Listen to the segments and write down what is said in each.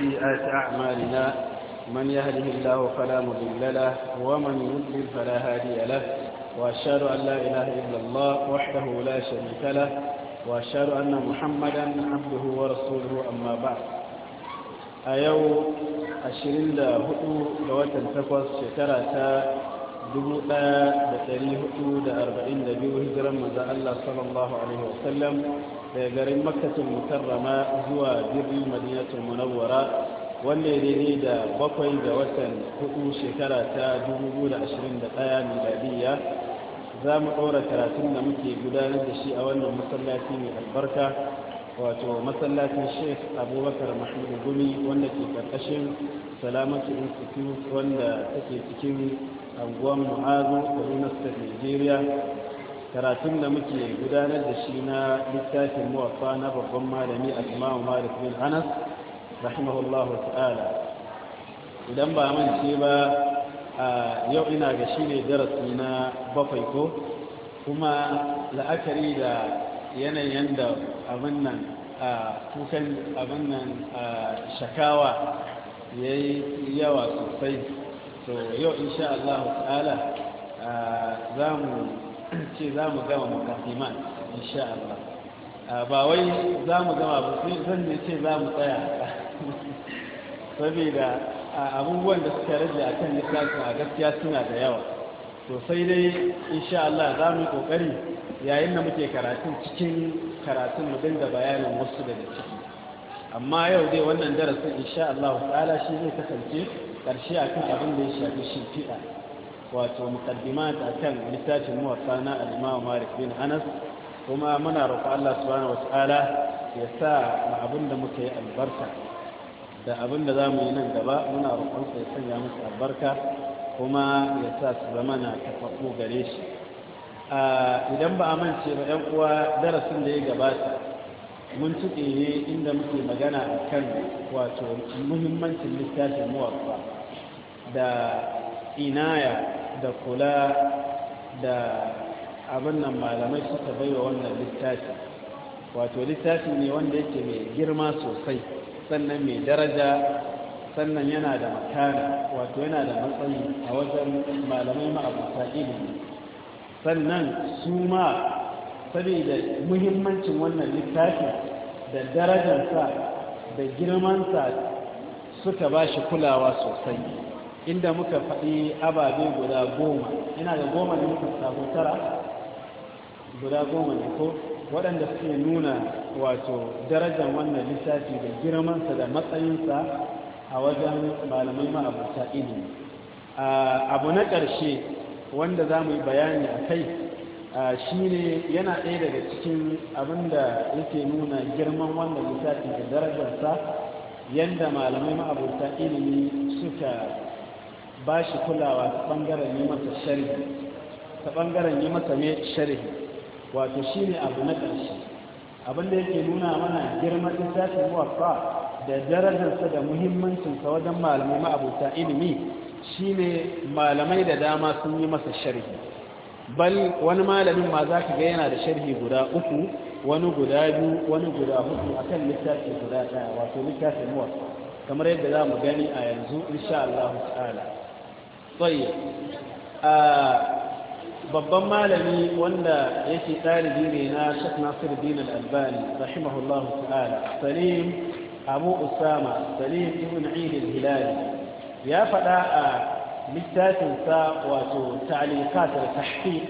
سيئات أعمالنا من يهده الله فلا مضل له ومن يضلل فلا هادي له وأشهد أن لا إله إلا الله وحده لا شريك له وأشهد أن محمدا عبده ورسوله أما بعد أيو أشرين لا هدو لوات التقوص شكرة دبو لا بتريه هدو دا أربعين دبيو هجرا مزا الله صلى الله عليه وسلم daga garin makkatul mukarrama zuwa birnin madinatul munawwara wanda ya ne da bakwai ga watan hudu shekara ta 2021 miladiya za mu ɗora karatun da muke gudanar da shi a wannan masallaci mai albarka wato masallacin sheikh abubakar mahmudu gumi wanda ke karkashin salamatu institute wanda take cikin anguwan mu'azu da state nigeria karatun da muke gudanar da shi na littafin muwafa na babban malami a imamu malik bin anas rahimahullahu ta'ala idan ba mance ba a yau ina ga shi ne darasi na bakwai ko kuma la'akari da yanayin da abin nan a kukan abin nan a shakawa ya yi yawa sosai so yau insha Allah ta'ala za mu ce za mu gama in insha Allah ba wai za mu gama ba zan ne ce za mu tsaya saboda abubuwan da suka rage a kan su a gaskiya suna da yawa to sai dai insha Allah za mu kokari yayin da muke karatun cikin karatun mu dinga bayanin wasu daga ciki amma yau dai wannan darasin insha Allah ta'ala shi zai kasance karshe akan abin da ya shafi fi'a wato muqaddimat akan littafin muwatta na al-Imam Malik bin Anas kuma muna roƙo Allah subhanahu wataala ya sa mu abin da muka yi albarka da abin da zamu yi nan gaba muna roƙon sa ya sanya musu albarka kuma ya sa su zama na tafaɓo gare shi idan ba a mance ba ɗan uwa darasin da ya gabata mun tuɗe ne inda muke magana a kan wato muhimmancin littafin muwaffa da ya? da kula da abin nan malamai suka baiwa wannan littafi wato littafi ne wanda yake mai girma sosai sannan mai daraja sannan yana da makana wato yana da matsayi a wajen malamai ma'abuta ilimi sannan su ma saboda muhimmancin wannan littafi da darajarsa da girmansa suka ba shi kulawa sosai inda muka faɗi ababe guda goma ina da goma ne muka samu tara guda goma ne ko waɗanda suke nuna wato darajar wannan littafi da girmansa da matsayinsa a wajen malamai ma'abuta ilimi abu na ƙarshe wanda za mu yi bayani a kai shi ne yana ɗaya daga cikin abin da yake nuna girman wannan littafi da darajarsa yadda malamai ma'abuta ilimi suka ba shi kulawa ta ɓangaren yi masa sharihi, ta ɓangaren yi masa ne wato shi ne abu na ƙarshe abinda yake nuna mana girman littafin wafa da darajarsa da muhimmancinsa wajen malamai ma'abuta ilimi shi ne malamai da dama sun yi masa sharhi bal wani malamin ma za ka ga yana da sharhi guda uku wani guda biyu wani guda hudu a kan littafi guda ɗaya wato littafin wafa kamar yadda za mu gani a yanzu insha Allah ta'ala tsaye a babban malami wanda yake ɗalibi ne na shek nasir din al'albani rahimahullahu ta'ala salim abu usama salim ibn idil hilali ya faɗa a littafinsa wato ta'alikatar tahqiq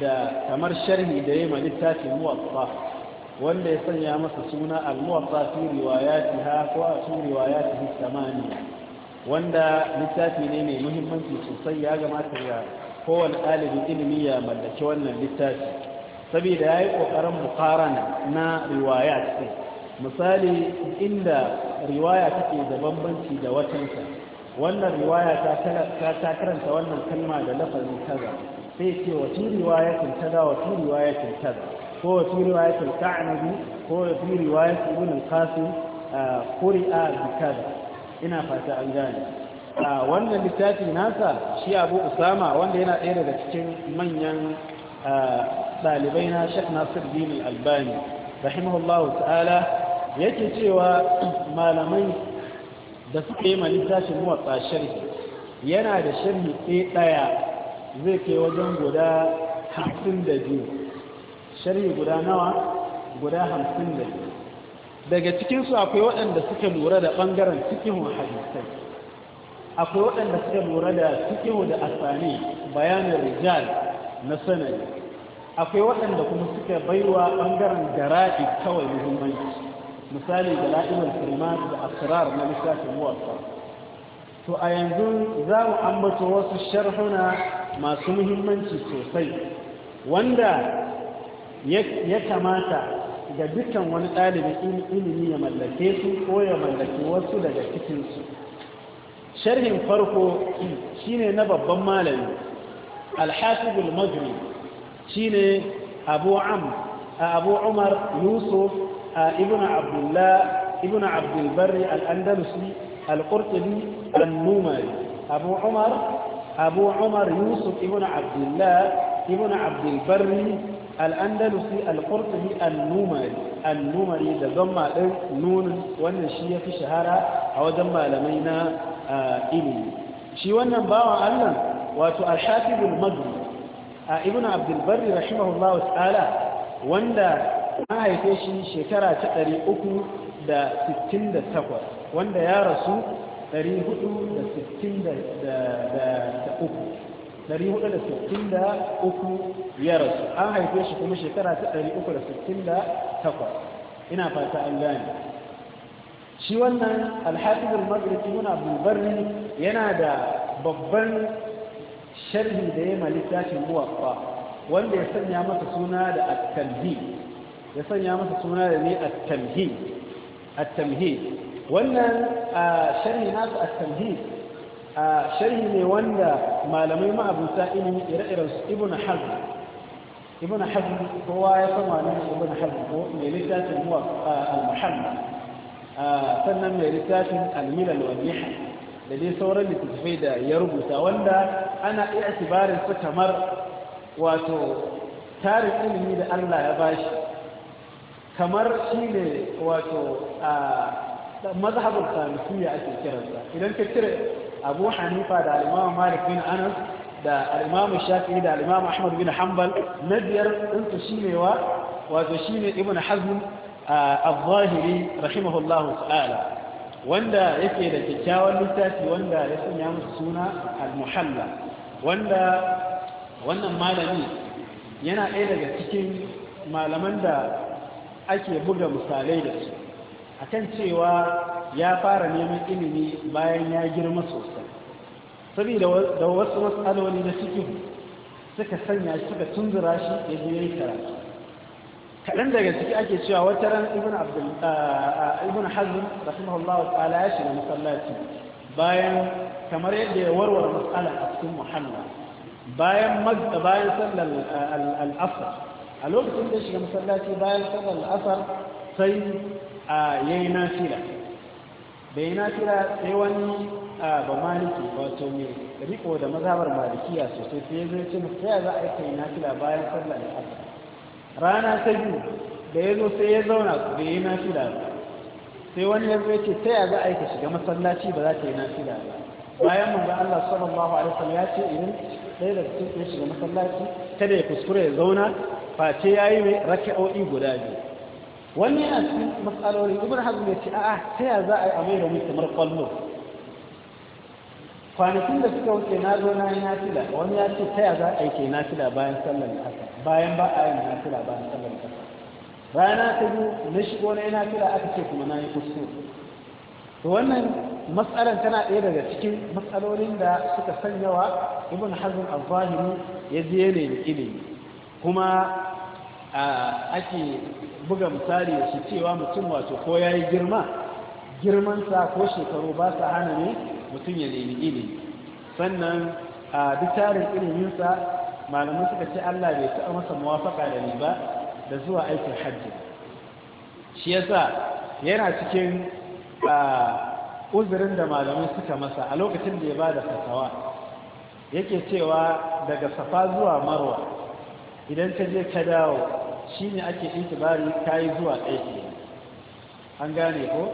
da kamar sharhi da yema littafin muwatta wanda ya sanya masa suna al-muwatta fi riwayatiha ko a fi riwayatihi samaniya wanda littafi ne mai muhimmanci sosai ya gamata ya kowane ɗalibin ilimi ya mallaki wannan littafi saboda ya yi ƙoƙarin bukarana na riwaya ce. misali inda riwaya take da bambanci da watansa, wannan riwaya ta karanta wannan kalma da lafazin kaza sai ce wa tu riwayatin kaza wa tu riwayatin kaza ko wa tu riwayatin ka'anabi ko wa tu riwayatin ibn al-qasim quri'a bi kaza ina fata an gane a wannan littafi nasa shi abu usama wanda yana ɗaya daga cikin manyan ɗalibai na shek nasir dini albani rahimahullahu ta'ala yake cewa malamai da suka yi ma littafin muwatsa sharhi yana da sharhi ɗaya zai kai wajen guda hamsin da biyu sharhi guda nawa guda hamsin da biyu daga cikinsu akwai waɗanda suka lura da ɓangaren cikin hadisai akwai waɗanda suka lura da cikin da asani bayanin rijal na sanadi akwai waɗanda kuma suka baiwa ɓangaren gara'i kawai muhimmanci misali da la'imar firmat da asirar na lissafin wasa to a yanzu za mu ambato wasu sharhuna masu muhimmanci sosai wanda ya kamata ga dukkan wani ɗalibin ilimi ya mallake su ko ya mallake wasu daga cikinsu sharhin farko shine na babban malami alhafizul magri shine abu am abu umar yusuf ibn abdullah ibn abdulbari al'andalusi al-qurtubi al-numari abu umar abu umar yusuf ibn abdullah ibn abdulbari al'andalusi al-qurtubi al da zamma ɗin nunin wannan shi ya fi shahara a wajen malamai na ilimi shi wannan bawan allah wato a shafibul magri a ibn abdulbari rahimahullahu ta'ala wanda an haife shi shekara ta 368 wanda ya rasu 463 463 ya rasu an haife shi kuma shekara ta 368 ina fata an gane shi wannan alhafiz al-maghribi muna bulbarri yana da babban sharhi da ya mali littafin muwaffa wanda ya sanya masa suna da at ya sanya masa suna da ne at-tamhid Wannan a ah, sharhi nasu at-tamhid a sharhi ne wanda malamai ma'abuta ilimi ire-iren su ibn hazm ibn hazm kowa ya san wani ibn hazm ko mai littafin muwa al-muhammad sannan mai littafin al-milal wa da dai sauran littattafai da ya rubuta wanda ana iya tibarin su kamar wato tarin ilimi da Allah ya bashi kamar shi ne wato a mazhabin sanusiya ake kiransa idan ka cire abu hanifa da alimamu malik bin anas da alimamu shafi'i da alimamu ahmad bin hanbal na biyar ɗinsu shi ne wa wato shi ne ibn hazm a zahiri rahimahullahu ta'ala wanda yake da kyakkyawan littafi wanda ya sanya musu suna al-muhalla wanda wannan malami yana ɗaya daga cikin malaman da ake buga misalai da su akan cewa ya fara neman ilimi bayan ya girma sosai saboda da wasu matsaloli na cikin suka sanya suka tunzura shi ya je yayin karatu kaɗan daga ciki ake cewa wata ran ibn abdul ibn hazm rahimahullahu ta'ala ya shiga masallaci bayan kamar yadda ya warware matsala a cikin muhalla bayan magda bayan sallar a lokacin da shiga masallaci bayan sallar al sai yayi nafila bai na kira sai wani ba maliki wato ne riko da mazhabar malikiya sosai sai zai ce mutu za a kai na kira bayan sallar da rana ta biyu da ya zo sai ya zauna da ya yi na kira sai wani ya zai ce sai za a yi ka shiga masallaci ba za ta yi na kira ba bayan mun Allah sallallahu alaihi wasallam ya ce idan ɗaya daga cikin shiga masallaci kada ya kuskure ya zauna face yayi yi raka'o'i guda biyu wani yana cikin matsaloli ibn hazm ya ce a'a ta ya za a yi amai da mutum kamar kwallo kwanakin da suka wuce na zo na yi nafila wani ya ce ta ya za a yi ke nafila bayan sallar kasa bayan ba a yi nafila bayan sallar kasa rana ta biyu na shigo na yi nafila aka ce kuma na yi kuskure to wannan matsalar tana ɗaya daga cikin matsalolin da suka sanyawa ibn hazm al-zahiri ya je ne ilimi kuma ake buga misali da cewa mutum wato ko ya yi girma girmansa ko shekaru ba sa hana ne mutum ya nemi ilimi sannan a duk tarin iliminsa malamin suka ce allah bai taɓa masa mawafaka da ni ba da zuwa aikin hajji shi yasa yana cikin uzurin da malamai suka masa a lokacin da ya ba da fasawa yake cewa daga safa zuwa marwa idan ka je ka dawo shine ake intibari kayi zuwa ɗaya an gane ko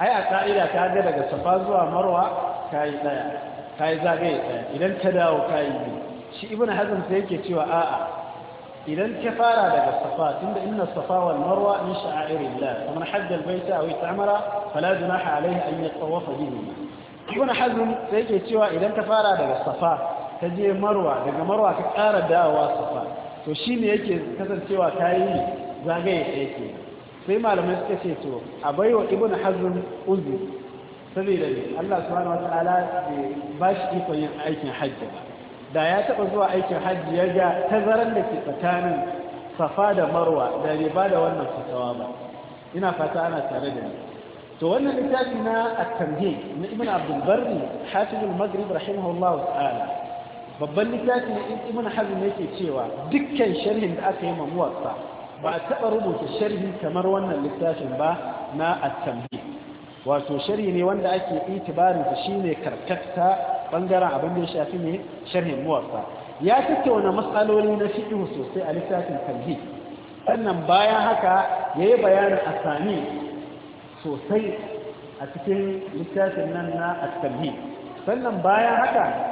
ai a ka'ida ka ga daga safa zuwa marwa kayi ɗaya kayi zagaye ɗaya idan ka dawo kayi biyu shi ibn hazm sai yake cewa a'a إذن كفارة لك الصفاء إن الصفا والمروة من شعائر الله فمن حج البيت أو اتعمر فلا جناح عليه أن يتطوف بهما يكون حزم سيكي سوى إذن كفارة لك الصفا تجي مروة لك مروة كتارة داوى safa. to shi ne yake kasancewa ta yi zagaye ɗaya sai malamai suka ce to a bai wa ibn hazm uzu saboda ne allah subhanahu wa ta'ala bai ba shi ikon yin aikin hajji ba da ya taɓa zuwa aikin hajji ya ga tazaran da ke tsakanin safa da marwa da ba da wannan fatawa ba ina fata ana tare da ni to wannan littafi na at-tamhid na ibn abdul barri hasibul maghrib rahimahullahu ta'ala babban littafin ibn hazm yake cewa dukkan sharhin da aka yi ma muwatta ba a taɓa rubuta sharhi kamar wannan littafin ba na at-tambi wato sharhi ne wanda ake itibarin shi shine karkatta bangaren abin da ya shafi ne sharhin muwatta ya tattauna matsaloli na fiqh sosai a littafin tambi sannan bayan haka yayi bayanin asani sosai a cikin littafin nan na at-tambi sannan bayan haka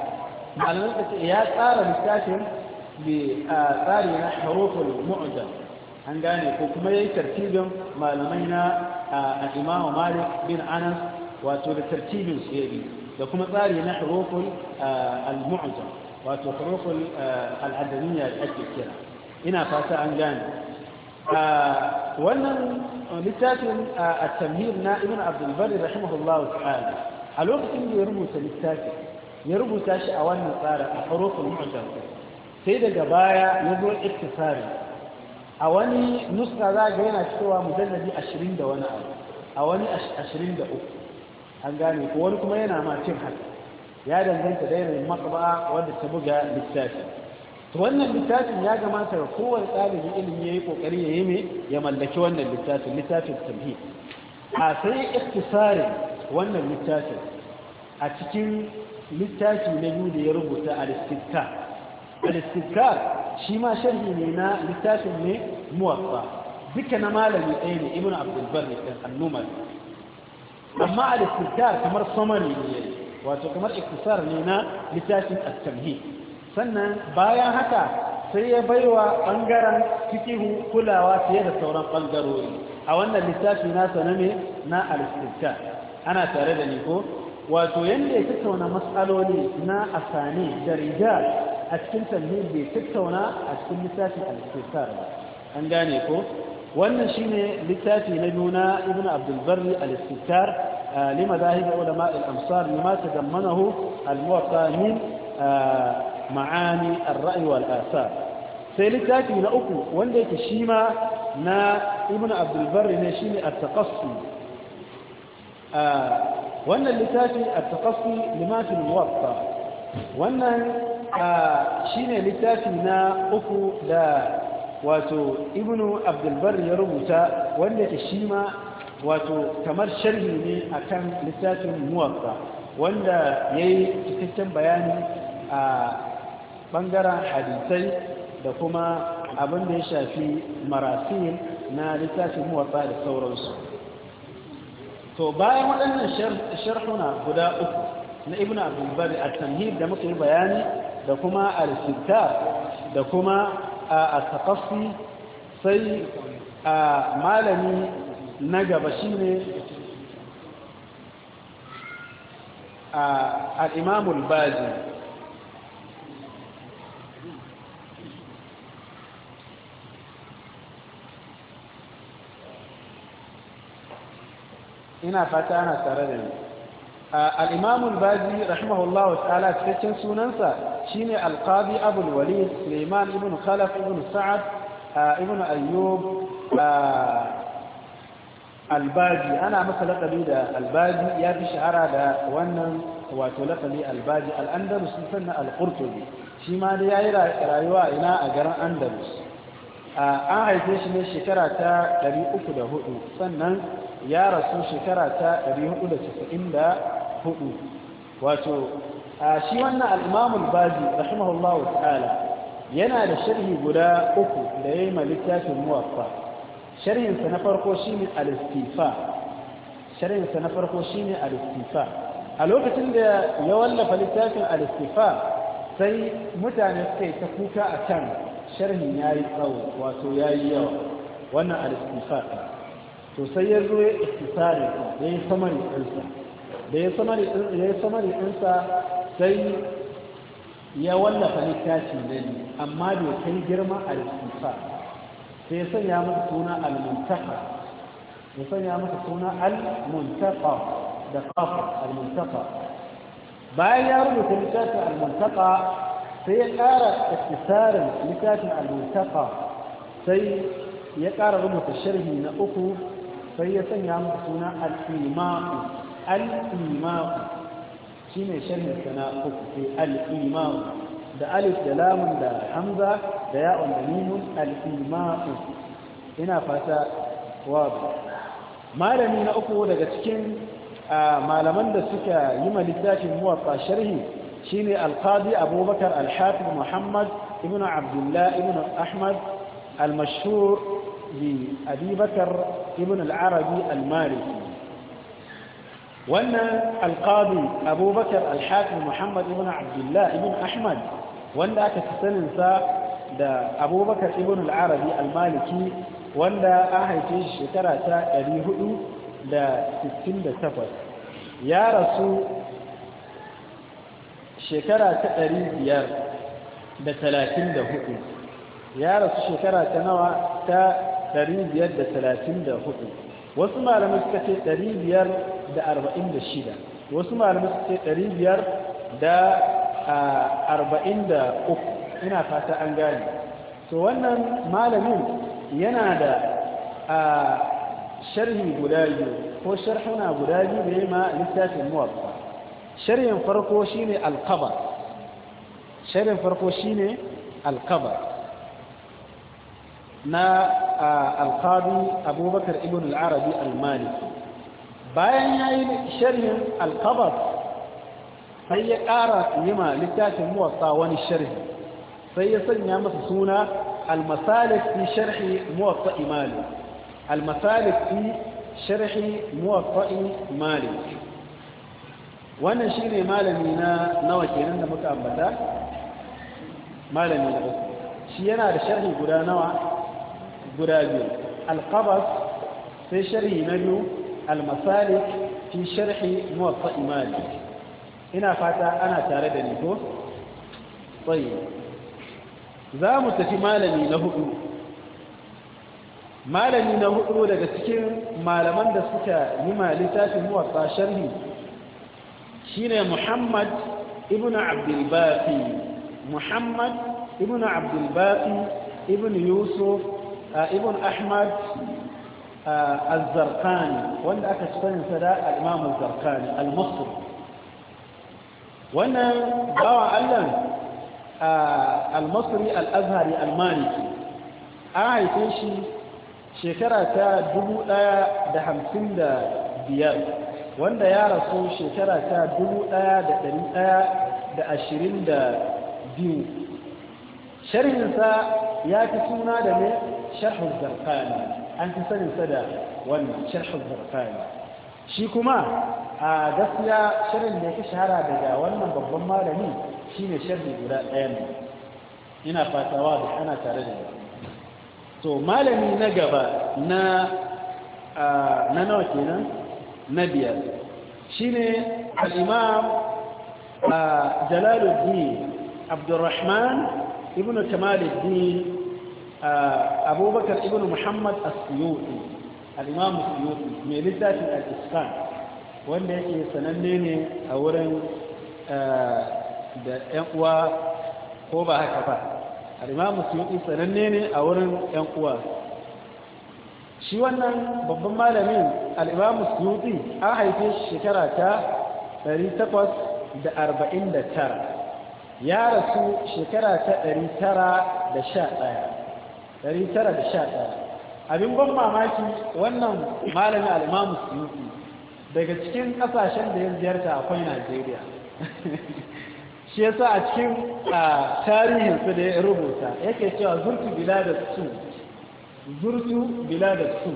معلمين الاسئيات قالوا مستاشم بآثارنا آه، يعني حروف المعجم هنقاني حكمي ترتيبهم معلمين آه، الإمام مالك بن أنس واتو لترتيب سيدي لكم آثارنا يعني حروف آه، المعجم واتو حروف العدمية الأجل كلا هنا فاسا هنقاني وانا لساتن التمهير نائم عبد البر رحمه الله تعالى الوقت اللي يرموس لساتن ya rubuta shi a wannan tsarin, a harufin mu'jam sai daga baya ya zo iktisari a wani nuska za ga yana cewa mujallabi 20 da wani a wani 23 an gane ko wani kuma yana ma cin haka ya danganta da yanayin makaba wadda ta buga littafi to wannan littafin ya gamata ga kowane ɗalibin ilimi ya yi ƙoƙari ya yi mai ya mallaki wannan littafin littafin tamhi a sai iktisarin wannan littafin a cikin littafi na biyu da ya rubuta al-istizkar al shi ma sharhi ne na littafin ne muwaffa duka na malami ɗaya ne Ibn abdul ne kan annumar amma al kamar summary ne wato kamar iktisar ne na littafin a tamhid sannan bayan haka sai ya baiwa ɓangaren fikihu kulawa fiye da sauran ɓangarori a wannan littafi na saname na al ana tare da ni ko wato yanda ya tattauna matsaloli na asani da rijal a cikin tamhid bai tattauna a cikin littafin al kisar an gane ko wannan shine littafi na nuna ibn abdul barr al kisar li madahib ulama al-amsar lima tadammanahu al-muwatta min ma'ani ar ray wal asar sai littafi na uku wanda yake shi ma na ibn abdul barr ne shine at taqassum wannan littafi a takassu limatin muwatta wannan shi ne littafi na uku da wato ibnu abdulbar ya rubuta wanda ke shima wato kamar sharhi ne akan littafin muwatta wanda ya yi cikakken bayani a ɓangaren hadisai da kuma abin da ya shafi marasil na littafin muwatta da sauransu to bayan waɗannan sharhuna guda uku na ibn abdulbari a tamhid da muka yi bayani da kuma a da kuma a sai a malami na gaba shi ne a al'imamul bazi ina fata ana tare da ni al-imam al-bazi rahimahullahu ta'ala cikakken sunansa shine al-qadi abul walid sulaiman ibn khalaf ibn sa'ad ibn ayyub al-bazi ana masa laqabi da al-bazi ya fi shahara da wannan wato laqabi al-bazi al-andalus sannan al-qurtubi shi ma da yayi rayuwa ina a garin andalus an haife shi ne shekara ta 304 sannan ya rasu shekara ta 494 wato a shi wannan al'imamul bazi rahimahullahu ta'ala yana da sharhi guda uku da ya yi littafin muwafa. sharhinsa na farko shi ne alistifa sharhinsa na farko shi ne alistifa a lokacin da ya wallafa littafin alistifa sai mutane suka yi ta kuka a can sharhin ya yi tsawo wato ya yi yawa wannan alistifa to sai ya zo ya istisari ya yi samari ɗinsa da ya samari ɗinsa sai ya wallafa littafi ne amma bai kai girma a littafa sai ya sanya masa suna al-muntaka ya sanya masa suna al-muntaka da kafa al-muntaka bayan ya rubuta littafin al-muntaka sai ya ƙara istisarin littafin al-muntaka sai ya ƙara rubuta sharhi na uku sai ya sanya masa suna al-ima'u al-ima'u shine sharhin sana uku sai al-ima'u da alif da lamun da hamza da ya'un da mimun al-ima'u ina fata wazo malami na uku daga cikin malaman da suka yi ma littafin muwaffa sharhi shine al-qadi abubakar al-hafiz muhammad ibnu abdullah ibnu ahmad al-mashhur abi bakar ibn al-arabi al-maliki wannan alqadi abubakar al-hakim muhammad ibn abdullah ibn ahmad wanda aka fi saninsa da abubakar ibn al-arabi al-maliki wanda an haife shi shekara ta 468 ya rasu shekara ta 534 ya rasu shekara ta nawa ta 534 wasu malamai suka ce 546 wasu malamai suka ce 543 ina fata an gani to wannan malamin yana da sharhi guda biyu ko sharhuna guda biyu da ne ma littafin muwaffa sharhin farko shine alqaba sharhin farko shine alqaba na alkadu abubakar ibn al-arabi al-maliki bayan ya yi al alkabar sai ya ƙara yima littafin muwatsa wani sharhi sai ya sanya masa suna al almasalik fi sharhi muwatsa imali al almasalik fi sharhi muwatsa imali wannan shine ne malami na nawa kenan da muka ambata malami da shi yana da sharhi guda nawa guda biyu alkabas sai sharhi na biyu almasalik fi sharhi muwatta imani ina fata ana tare da ni ko tsaye za mu tafi malami na hudu malami na hudu daga cikin malaman da suka yi ma littafin muwatta sharhi shine muhammad ibn abdulbaqi muhammad ibn abdulbafi ibn yusuf ibn ahmad al-zarqani wanda aka ci saninsa da al-imam al-zarqani al-masr wannan bawan allah al-masri al-azhari al-maliki an haife shi shekara ta 1155 wanda ya rasu shekara ta 1122 sharhinsa ya fi suna da ne sharhu az-zarqani an fi sanin sa da wannan sharh zarqani shi kuma a gaskiya shirin da yake shahara daga wannan babban malami shine sharhi guda ɗaya ne ina fatawa da ana tare da to malami na gaba na na nawa kenan na biyar shine al-imam jalaluddin abdurrahman ibn kamaluddin abubakar ibn muhammad as-suyuti al-imam as mai littafin al-iskan wanda yake sananne ne a wurin da yan uwa ko ba haka ba al-imam as sananne ne a wurin yan uwa shi wannan babban malamin al-imam as an haife shekara ta 849 ya rasu shekara ta 911 1911 abin ban mamaki wannan malami al'imamu suyuki daga cikin kasashen da ya ziyarta akwai najeriya shi yasa a cikin tarihinsu da ya rubuta yake cewa zurtu bila da su zurtu bila da su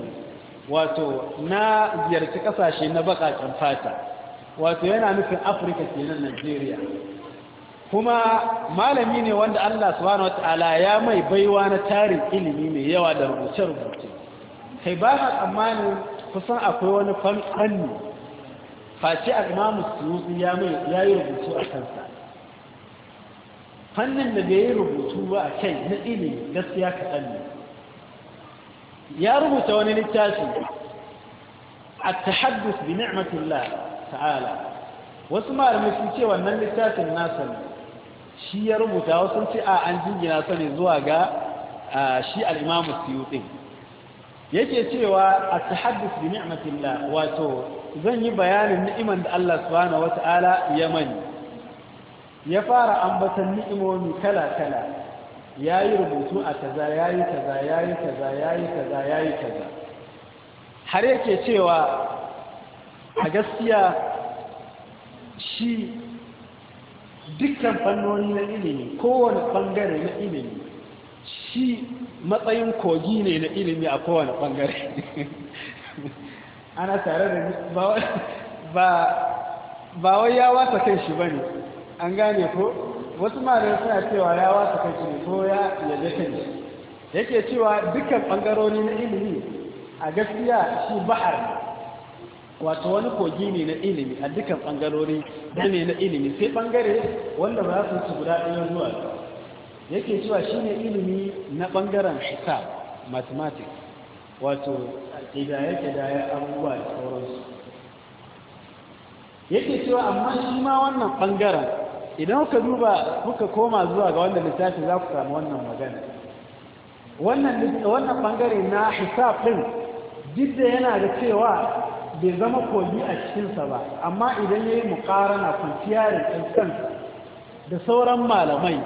wato na ziyarci kasashe na bakaken fata wato yana nufin afirka ke nan najeriya kuma malami ne wanda Allah subhanahu wataala ya mai baiwa na tarin ilimi mai yawa da rubuce-rubuce kai ba tsammanin kusan akwai wani fanni face a imamu suyuti ya mai ya yi rubutu a kansa fannin da bai yi rubutu ba a kai na ilimi gaskiya kaɗan ne ya rubuta wani littafi a tahaddus bi ni'matillah ta'ala wasu malamai sun ce wannan littafin nasa ne shi ya rubuta wasu ce a an jingina sani ne zuwa ga shi al'imamu siyuɗin yake cewa a tahaddus bi ni'matillah wato zan yi bayanin ni'iman da Allah subhanahu wata'ala ya mani ya fara ambatan ni'imomi kala-kala ya yi rubutu a kaza ya yi kaza ya yi kaza ya yi kaza ya yi kaza har yake cewa a gaskiya shi dukkan fannoni na ilimi kowane bangare na ilimi shi matsayin kogi ne na ilimi a kowane bangare ana tare da ba wai ya wata kai shi ba ne an gane ko wasu malamai suna cewa ya wata kai shi ko ya yaje kan shi yake cewa dukkan bangarori na ilimi a gaskiya shi bahar wato wani kogi ne na ilimi a dukkan bangarori da ne na ilimi sai bangare wanda ba su su guda ɗaya zuwa yake cewa shi ne ilimi na bangaren hisab mathematics wato ƙidaye-ƙidaye abubuwa da sauransu yake cewa amma shi ma wannan bangaren idan kuka duba kuka koma zuwa ga wanda littafi za ku samu wannan magana wannan bangare na hisab ɗin duk da yana da cewa bai zama kogi a cikinsa ba amma idan ya yi mukara na kwanciya da kansa da sauran malamai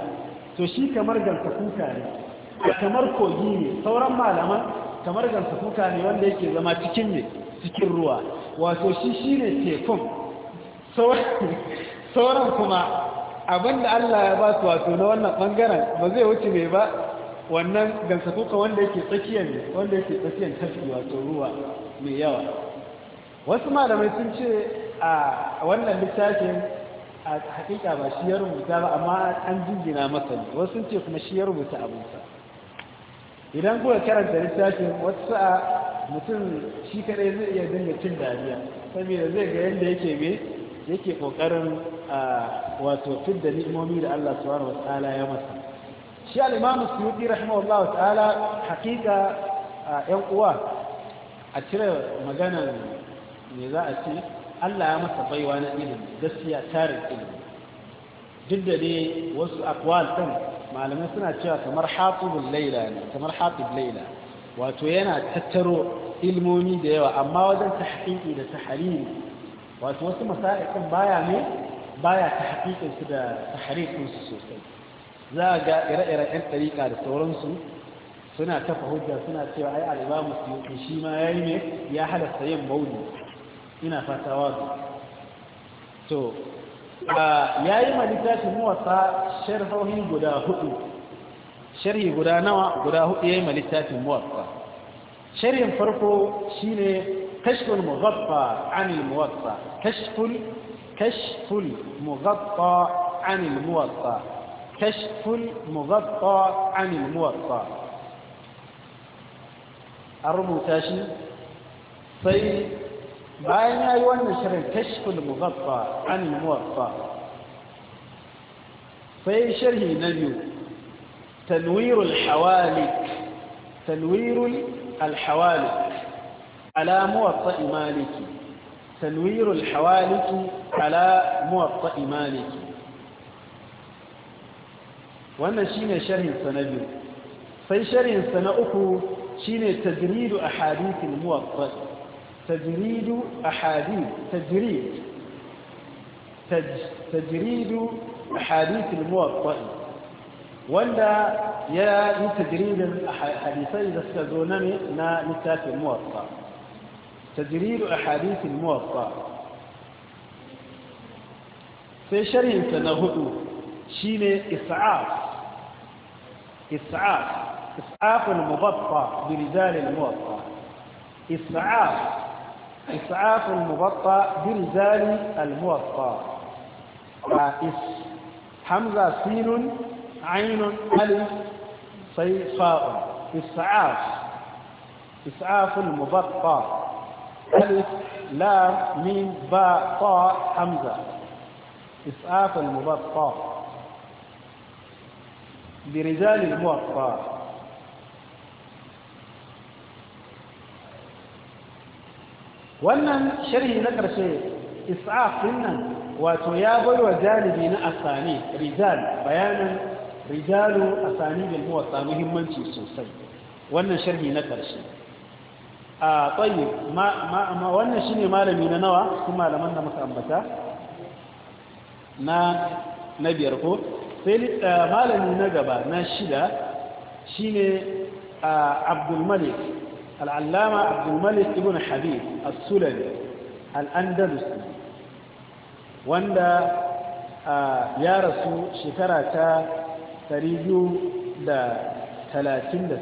to shi kamar kuka ne kamar kogi ne sauran malaman kamar kuka ne wanda yake zama cikin ne cikin ruwa wato shi shi ne tekun sauran kuma abinda Allah ya ba su wato na wannan ɓangaren ba zai wuce mai ba wannan gansakuka wanda yake tsakiyar wanda yake tsakiyar tafi wato ruwa mai yawa wasu malamai sun ce a wannan littafin a hakika ba shi ya rubuta ba amma an jingina masa ne wasu sun ce kuma shi ya rubuta abinsa idan kuka karanta littafin wasu a mutum shi kadai zai iya dinga cin dariya saboda zai ga yadda yake mai yake kokarin wato fit da ni'imomi da Allah subhanahu wataala ya masa shi al-Imam Suyuti rahimahullahu ta'ala hakika yan uwa a cire maganar me za a ce Allah ya masa baiwa na ilimi gaskiya tarin ilimi duk da dai wasu akwal malamai suna cewa kamar hatubul laila ne kamar laila wato yana tattaro ilmomi da yawa amma wajen tahqiqi da tahriri wato wasu masaikin baya ne baya tahqiqin su da tahririn su sosai za ga ire-iren yan ɗariƙa da sauransu suna tafa hujja suna cewa ai al su yi shi ma yayi ne ya halasta yin maulidi ina fata wazo to ya yi malittafin muwatsa sharhohin guda hudu sharhi guda nawa guda hudu ya yi malittafin muwatsa sharhin farko shine kashful mughabba anil muwatsa kashful kashful mughabba anil muwatsa kashful mughabba anil muwatsa an rubuta shi sai باين ايوان نسرين كشف المغطى عن الموطى في شره نجو تنوير الحوالك تنوير الحوالك على موطى مالك تنوير الحوالك على موطى مالك ونسين شره سنجو في شره نسنأكو شين تدريد أحاديث الموطى تجريد أحاديث تجريد تج تجريد أحاديث الموطن ولا يا لتجريد الحديثين إذا استدونني نا نتاك الموطة تجريد أحاديث الموطة في شريم تنهدو شين إسعاف إسعاف إسعاف المبطة برجال الموطة إسعاف إسعاف المبطأ بلزان الموطأ رائس حمزة سين عين ألف صيصاء إسعاف إسعاف المبطأ ألف لام ميم باء طاء حمزة إسعاف المبطأ برجال الموطأ wannan sharhi na ƙarshe isa'af nan wato ya bai wa jalibi na asani rijal bayanin rijalu asani bil muwatta muhimmanci sosai wannan sharhi na ƙarshe a tsayi ma wannan shine malami na nawa Su malaman da muka ambata na biyar ko sai malami na gaba na shida shi ne Abdulmalik. al'allama abdulmalik ibn habib al-sulami wanda ya rasu shekara ta 238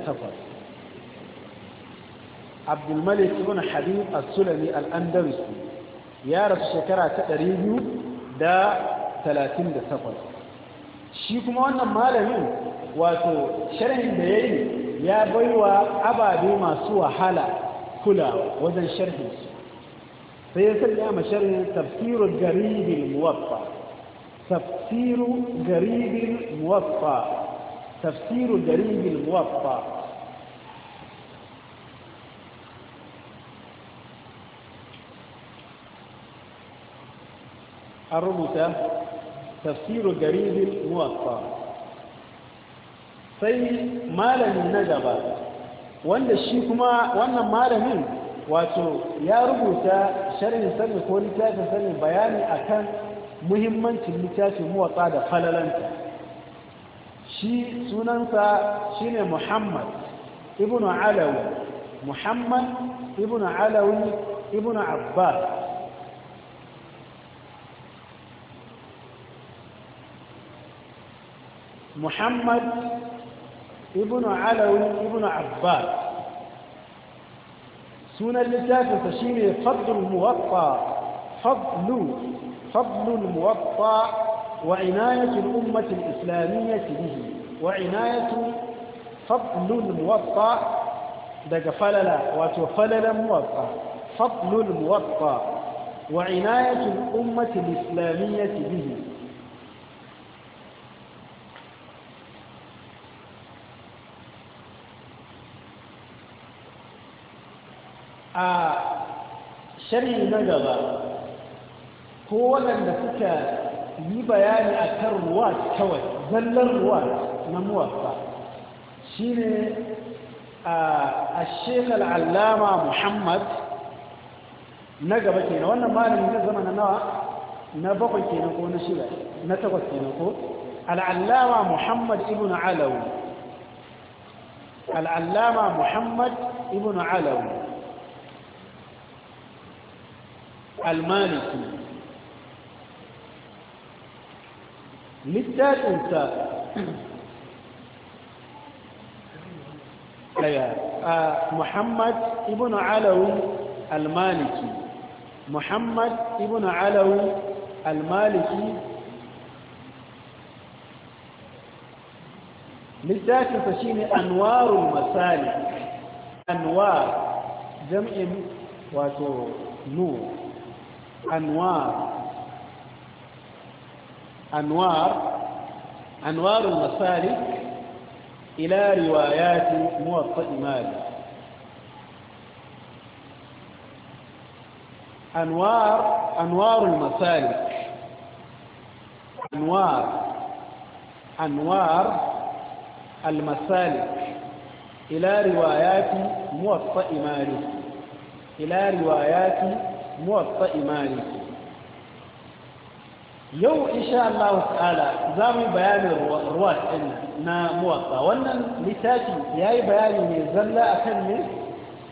abdulmalik ibn habib al-sulami al'andalusi ya rasu shekara ta 238 shi kuma wannan malamin wato sharhin da ya yi ya baiwa ababe masu wahala kulawa wajen sharhin su sai ya sanya ma sharhin tafsirul garibin muwaffa tafsirul garibin muwaffa tafsirul garibin muwaffa an rubuta tafsirul garibin muwaffa sai malami na gaba wanda shi kuma wannan malamin wato ya rubuta sharhin sani ko littafin sani bayani akan muhimmancin littafin muwatsa da falalanta shi sunansa shine muhammad ibn alawi muhammad ibn alawi ibn abbas muhammad ابن علوي ابن عباس سنة للتافة تشيني فضل الموطى فضل فضل الموطى وعناية الأمة الإسلامية به وعناية فضل الموطى دق فللا وتفلل الموطى فضل الموطى وعناية الأمة الإسلامية به a shari na gaba ko waɗanda suka yi bayani a kan ruwa kawai zallar ruwa na muwafa shi ne a shekar allama muhammad na gaba ke na wannan malamin zai zama na nawa na bakwai ke ko na shida na takwas ke ko al'allama muhammad ibn alawi al'allama muhammad ibn alawi المالك للذات انت أيوة. آه، محمد ابن علو المالكي محمد ابن علو المالكي للذات تشيني انوار المسالك انوار جمع واتو نور أنوار أنوار أنوار المسالك إلى روايات موطئ مالك أنوار أنوار المسالك أنوار أنوار المسالك إلى روايات موطئ مالك إلى روايات muwatta imani yau insha Allah ta'ala za mu bayanin ruwa ɗin na muwatta wannan littafi ya yi bayani mai zalla akan ne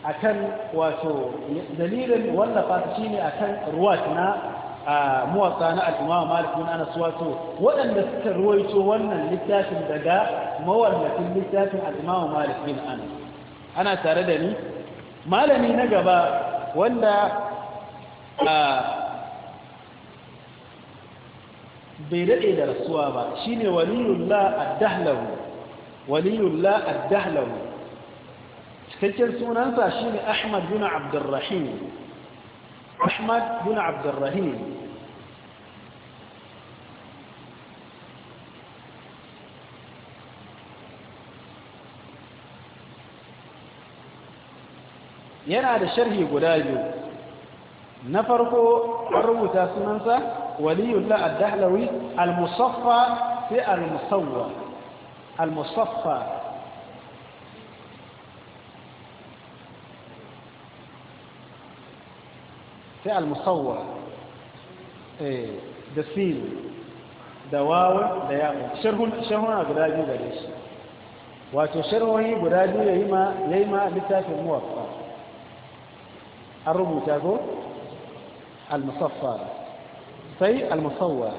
akan wato dalilin wallafa shi ne akan ruwa na a muwatsa na al'umma malik bin anas wato waɗanda suka ruwaito wannan littafin daga mawallafin littafin al'umma malik bin anas ana tare da ni malami na gaba wanda bai daɗe da rasuwa ba shi ne waliyullah addahlahu waliyullah addahlahu cikakken sunansa shi ne ahmad bin abdurrahim ahmad bin abdurrahim yana da sharhi guda biyu نفرقوا قربوا تاسمنسا ولي الله الدهلوي المصفى في المصوى المصفى في المصوى دسين دواو دياغ شرهن شرهن أقراجي بريش وتشرهن أقراجي يهما يهما لتاك الموفى الربو تاكو المصفى sai al-musawwa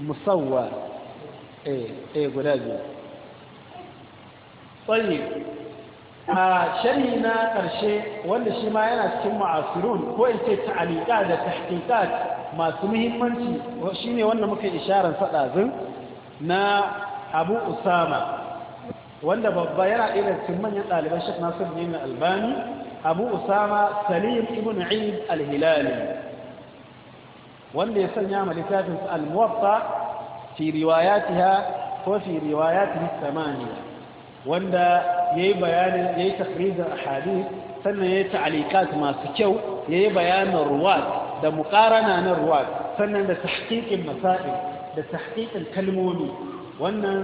musawwa eh eh guda biyu tsayi a sharhi na ƙarshe wanda shi ma yana cikin ma'asirun ko in ce ta'alika da tahqiqat masu muhimmanci shine wanda muka isharar faɗazin na Abu Usama wanda babba yana ɗaya cikin manyan ɗaliban Sheikh Nasir bin Albani abu usama salim ibn eid al-hilali wanda ya sanya ma littafin al-muwatta fi riwayatiha ko fi riwayatihi samaniya wanda yayi bayanin yayi takrizar ahadith sannan yayi ta'liqat masu kyau yayi bayanin ruwat da muqarana na ruwat sannan da tahqiqin masail da tahqiqin kalmomi wannan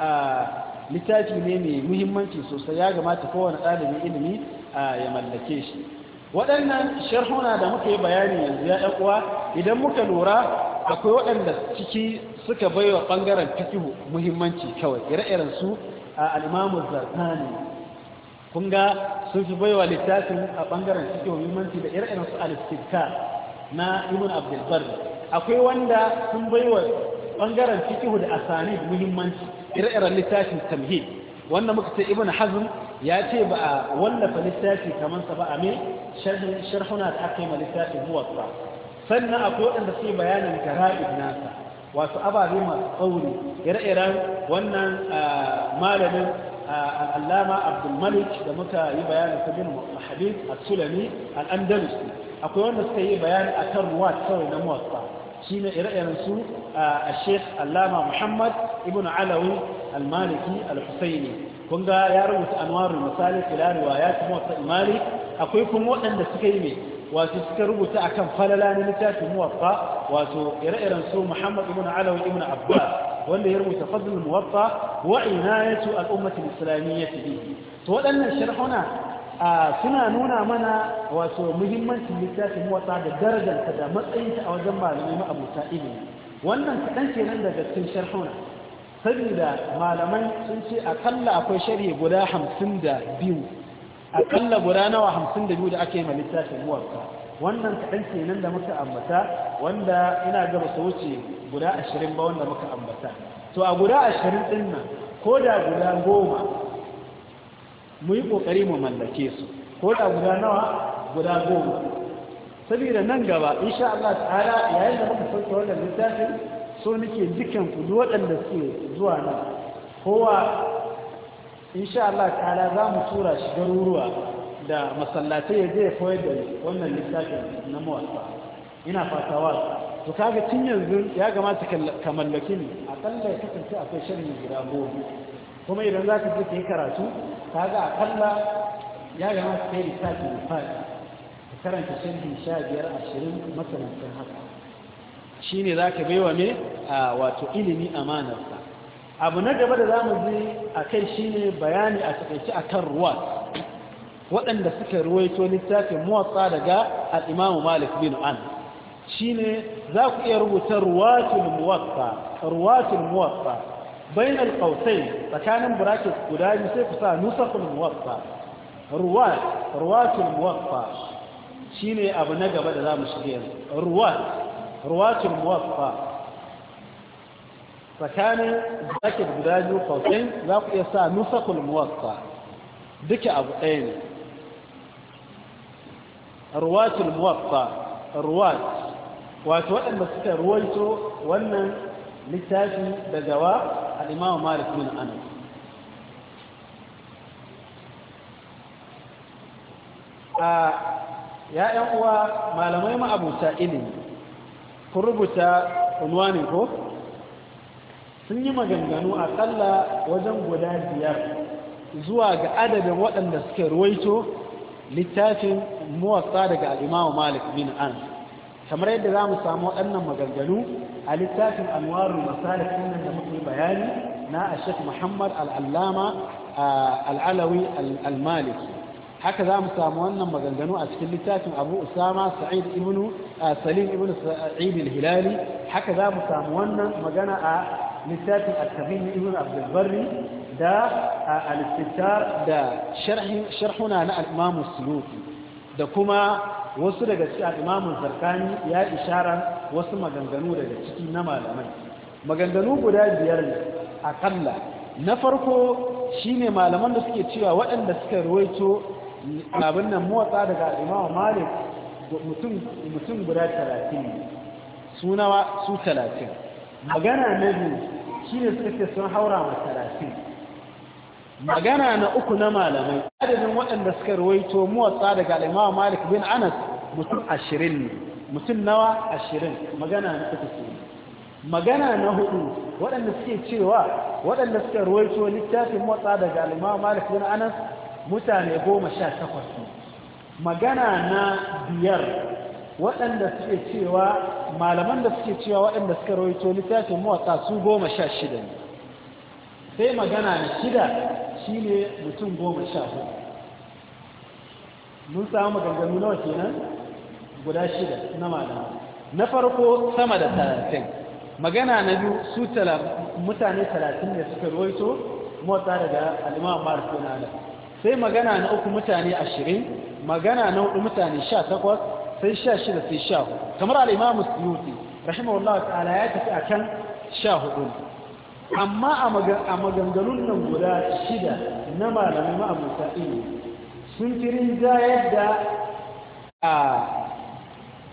ah, littafi ne mai muhimmanci sosai ya gamata kowane ɗalibin ilimi ya mallake shi waɗannan sharhuna da muka yi bayani yanzu ya uwa idan muka lura akwai waɗanda ciki suka bai wa ɓangaren fiki muhimmanci kawai ire-iren su a al'imamun zartani kun ga sun fi baiwa littafin a ɓangaren fiki muhimmanci da ire-iren su al na ibn abdulbar akwai wanda sun baiwa ɓangaren fiki da asani muhimmanci ire-iren littafin tamhid wannan muka ce ibn hazm ya ce ba a wallafa littafi kamar ba a mai sharhuna da aka yi ma littafin muwatsa sannan akwai waɗanda sai bayanin gara'ib nasa wasu ababe masu tsauri ire-iren wannan malamin al'allama abdulmalik da muka yi bayanin sabin mahabib a sulami al'andalus akwai wanda suka yi bayani a kan ruwa kawai na muwatsa shi ne ire-iren su a sheikh allama muhammad ibn alawi al-maliki al-husaini kun ga ya rubuta anwarul misali ya kuma muwatta imali akwai kuma waɗanda suka yi mai wato suka rubuta akan falala na littafin muwatta wato ire-iren su Muhammad ibn Alawi ibn Abbas wanda ya rubuta fadlul muwatta wa ya ci al'ummatin islamiyya islamiyyah bihi to waɗannan sharhuna suna nuna mana wato muhimmancin littafin muwatta da darajarsa da matsayinta a wajen malamai ma abuta ilimi wannan kaɗan kenan daga cikin sharhuna saboda malaman sun ce akalla akwai shari'a guda hamsin da biyu akalla guda nawa hamsin da biyu da ake ma littafin muwarka wannan kaɗan ke nan da muka ambata wanda ina ga su wuce guda ashirin ba wanda muka ambata to a guda ashirin ɗin nan ko da guda goma mu yi ƙoƙari mu mallake su ko da guda nawa guda goma saboda nan gaba insha Allah ta'ala yayin da muka sauke wannan littafin so nake dukan ku waɗanda suke zuwa nan kowa insha Allah kala za mu tura shi garuruwa da masallatai ya zai koyar da wannan littafin na mawasa ina fatawa to kaga tun yanzu ya gamata ka mallaki ne akalla ya kasance akwai shirin gida goma kuma idan za ka je ka yi karatu kaga akalla ya gamata ka yi littafin fa ka karanta shirin sha biyar ashirin makamantan haka shi ne za ka baiwa mai wato ilimi amanarsa abu na gaba da za mu ji a kai shi ne bayani a takaici a kan ruwa waɗanda suka ruwaito littafin motsa daga al'imamu malik bin an shi ne za ku iya rubuta ruwatul muwatsa ruwatul muwatsa bayan alƙausai tsakanin bracket guda biyu sai ku sa nusakul muwatsa ruwat ruwatul shi ne abu na gaba da za mu shige ruwat رواه الموفق فكان ذكر البداجو قوسين لا يسعى نسق الموفق ذك أبوئين رواه الموفق رواه وأتوأل مسكة روايته وأن لتاجي بدواء الإمام مالك من أنس آه يا أخوة ما لم يمع أبو سائلين ku rubuta unwanin ko sun yi maganganu aƙalla wajen guda biyar zuwa ga adadin waɗanda suke ruwaito littafin muwatsa daga al'imamu malik bin an kamar yadda za mu samu waɗannan maganganu a littafin anwarun masalik ɗin da muke bayani na ashek muhammad al'allama al'alawi al-maliki haka za mu samu wannan maganganu a cikin littafin abu usama sa'id ibnu salim ibnu sa'id al-hilali haka za mu samu wannan magana a littafin at-tabin ibnu abdul barri da al da sharhuna na al-imam suyuti da kuma wasu daga cikin al-imam zarkani ya ishara wasu maganganu daga ciki na malamai maganganu guda biyar ne akalla na farko shine malaman da suke cewa waɗanda suka ruwaito abin nan motsa daga imam malik mutum guda talatin ne sunawa su talatin magana na biyu shi ne suka ce sun haura ma talatin magana na uku na malamai adadin waɗanda suka ruwaito motsa daga imam malik bin anas mutum ashirin ne mutum nawa ashirin magana na uku su magana na hudu waɗanda suke cewa waɗanda suka ruwaito littafin motsa daga imam malik bin anas mutane goma sha takwas ne magana na biyar waɗanda suke cewa malaman da suke cewa waɗanda suka rawaito littafin mawaƙa su goma sha shida ne sai magana na shida shi ne mutum goma sha hudu mun samu maganganu nawa kenan guda shida na malama na farko sama da talatin magana na biyu su mutane talatin ne suka rawaito mawaƙa daga alimawar na da sai magana na uku mutane ashirin magana na hudu mutane sha takwas sai sha shida sai sha hudu kamar al'imamu suyuti rahimahullah ta'ala ya tafi a kan sha hudu amma a maganganun nan guda shida na malamai ma'amuta ilimi sun firin zayar da a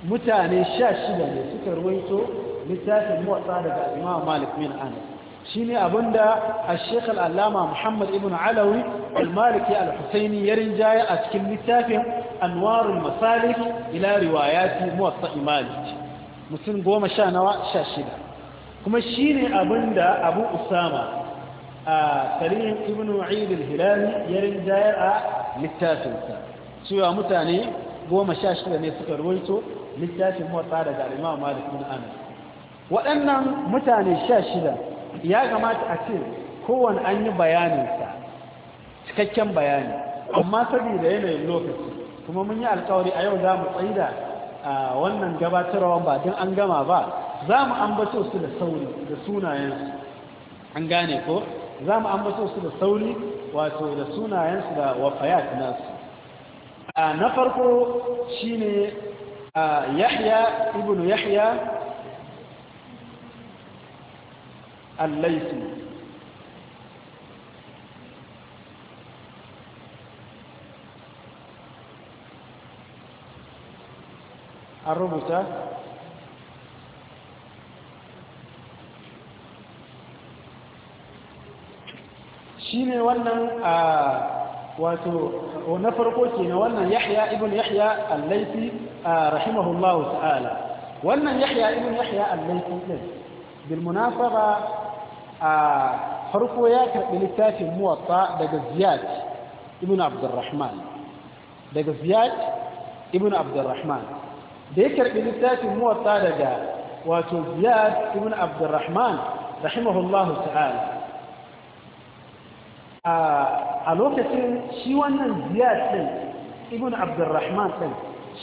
mutane sha shida ne suka ruwaito littafin motsa daga imam malik min anas shine abinda a Al-Allama Muhammad ibn Alawi almaliki Al-Husaini ya rinjaya a cikin littafin Anwarul Masalik ila riwayati Muwatta Malik mutum goma sha nawa sha shida kuma shine da Abu Usama a tarihin ibn Eid al-Hilali ya rinjaya a littafinsa cewa mutane goma sha shida ne suka ruwaito littafin Muwatta daga alimawa Malik ibn Anas waɗannan mutane sha shida ya kamata a ce kowane an yi bayaninsa cikakken bayani amma saboda yanayin lokaci kuma mun yi alkawari a yau za mu tsaida wannan gabatarwa ba don an gama ba za mu ambato su da sauri da sunayensu an gane ko za mu ambato su da sauri wato da sunayensu da wafayat nasu na farko shine yahya ibnu yahya الليثي الربطة shine wannan wato na farko kenan wannan Yahya ibn Yahya al-Laythi rahimahullahu ta'ala wannan Yahya ibn Yahya al-Laythi din bil munasaba a farko ya karɓi littafin muwatsa daga ziyad ibn abdurrahman daga ziyad ibn abdurrahman da ya karɓi littafin muwatsa daga wato ziyad ibn abdurrahman rahimahullahu ta'ala a lokacin shi wannan ziyad ɗin ibn abdurrahman ɗin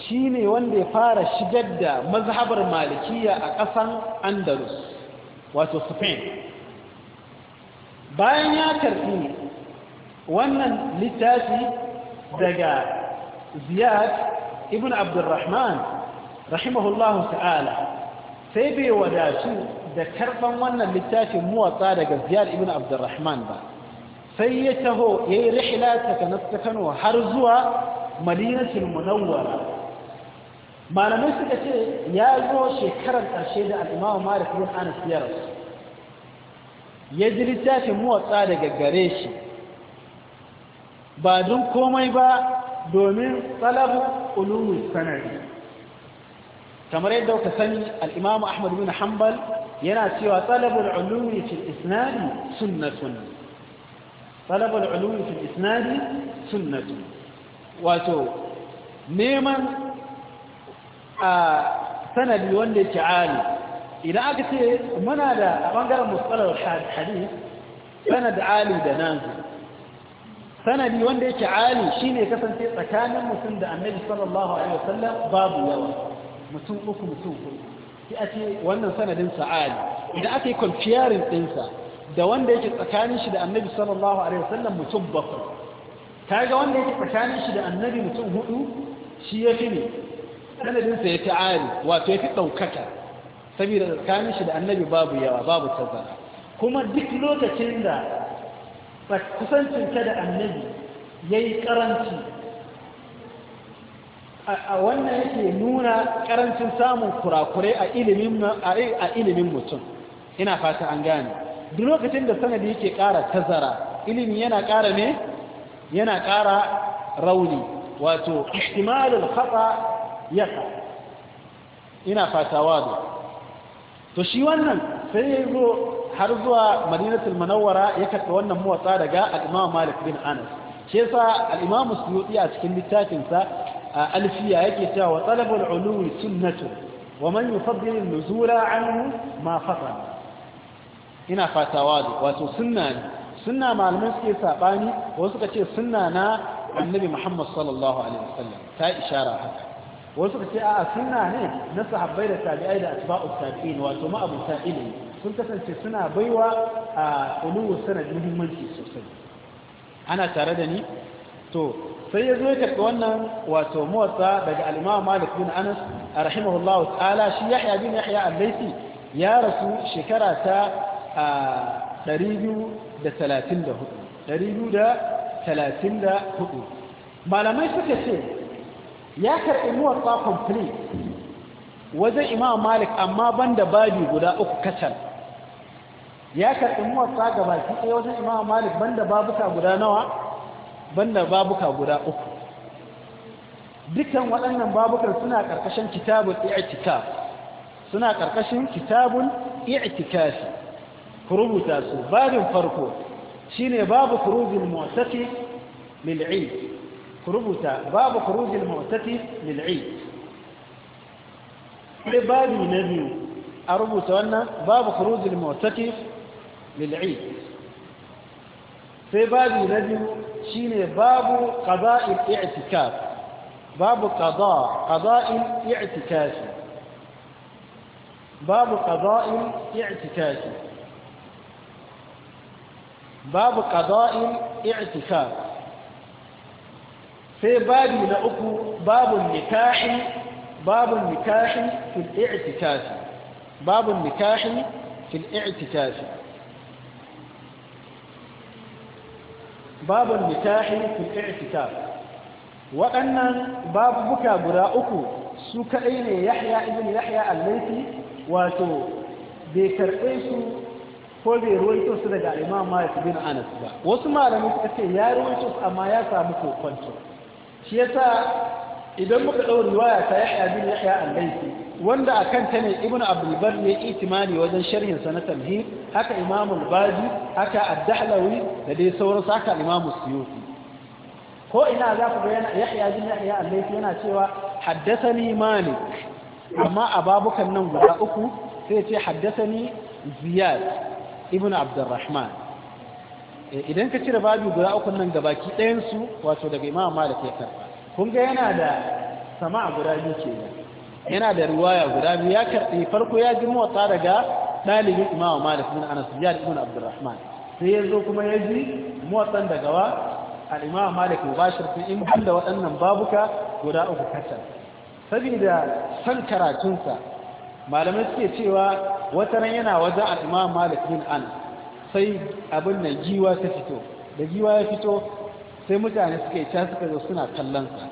shi ne wanda ya fara shigar da mazhabar malikiya a ƙasan andalus wato spain bayan ya karfi wannan littafi daga ziyad ibn abdurrahman rahimahullahu ta'ala sai bai wadatu da karban wannan littafin muwatsa daga ziyad ibn abdurrahman ba sai ya taho ya yi rihila ta kano har zuwa madinatul munawwara malamai suka ce ya zo shekarar ƙarshe da al'imamu malik bin anas ya rasu ya ji littafin muwatsa daga gare shi ba don komai ba domin talabu ulumin sanari kamar yadda ka sani al'imamu ahmad bin hanbal yana cewa talabul ulumi fil isnadi sunnatun talabul ulumi fil isnadi sunnatun wato neman a sanadi wanda yake ali idan aka ce muna da a ɓangaren musalar hadis sanad ali da nazi sanadi wanda yake ali shine kasance tsakanin mutum da annabi sallallahu alaihi wasallam babu yawa mutum uku mutum uku sai a ce wannan sanadin sa ali idan aka yi comparing ɗinsa da wanda yake tsakanin shi da annabi sallallahu alaihi wasallam mutum bakwai ga wanda yake tsakanin shi da annabi mutum hudu shi ya fi ne sanadinsa ya fi ali wato ya fi ɗaukaka saboda tsakanin shi da annabi babu yawa babu tazara kuma duk lokacin da kusancinka da annabi ya yi karanci a wannan yake nuna karancin samun kurakure a ilimin mutum ina fata an gane duk lokacin da sanadi yake kara tazara ilimi yana kara ne yana kara rauni wato ihtimalul khata yaka ina fata wado to shi wannan sai ya zo har zuwa madinatul munawwara ya karɓi wannan muwatsa daga al-imam malik bin anas shi yasa al-imam suyuti a cikin littafin sa alfiya yake cewa wa talabul ulumi sunnatu wa man yufaddil an-nuzula anhu ma fata ina fatawa wato sunna ne sunna malaman suke sabani wasu suka ce sunna na annabi muhammad sallallahu alaihi wasallam ta ishara haka wasu ka ce a sunna ne na sahabbai da tabi'ai da asba'u tabi'in wato ma abu ta'ilin sun kasance suna baiwa a uluwu sanad muhimmanci sosai ana tare da ni to sai ya zo ya karɓi wannan wato motsa daga al-Imam Malik bin Anas rahimahullahu ta'ala shi Yahya bin Yahya al-Laythi ya rasu shekara ta 234 234 malamai suka ce ya karɓi muwatsa complete wajen imam malik amma ban da babi guda uku kacal ya karɓi muwatsa ga baki ɗaya wajen imam malik ban da babuka guda nawa ban da babuka guda uku dukkan waɗannan babukan suna ƙarƙashin kitabun i'tikaf suna ƙarƙashin kitabun i'tikaf ku rubuta su babin farko shine babu khurujul mu'tafi lil'id خروجه باب خروج المعتكف للعيد في لباب النبي اربط لنا باب خروج المعتكف للعيد في باب النبي شنو باب قضاء الاعتكاف باب قضاء قضاء الاعتكاف باب قضاء الاعتكاف باب قضاء الاعتكاف sai babi na uku babun nikahi babun nikahi fil i'tikaf babun nikahi fil i'tikaf babun nikahi fil i'tikaf waɗannan babuka guda uku su kaɗai ne yahya ibn yahya al-laifi wato bai karɓe su ko bai ruwaito su daga imam malik bin anas ba wasu malamai suka ce ya ruwaito su amma ya samu kokonto shi yasa idan muka ɗau riwaya ta yahya bin yahya al-laythi wanda akan ta ne ibnu abdul ya ne itimani wajen sharhin sa na tamhid haka imam al-baji haka ad da dai sauransu haka imam suyuti ko ina za ku bayyana yahya bin yahya al-laythi yana cewa ni malik amma a babukan nan guda uku sai ce haddasa ni ziyad ibnu abdurrahman idan ka cire babu guda uku nan gabaki ɗayan su wato daga imama malik ya karba kun ga yana da sama guda biyu kenan yana da riwaya guda biyu ya karbi farko ya ji motsa daga ɗalibin imama malik anas ziyad ibn abdurrahman sai ya zo kuma ya ji motsan daga wa al-imam malik shi fi in da waɗannan babuka guda uku kacal saboda san karatunsa malamai suke cewa wata wataran yana wajen al-imam malik bin anas sai abin nan giwa ta fito da giwa ya fito sai mutane suka yi can suka zo suna kallonsa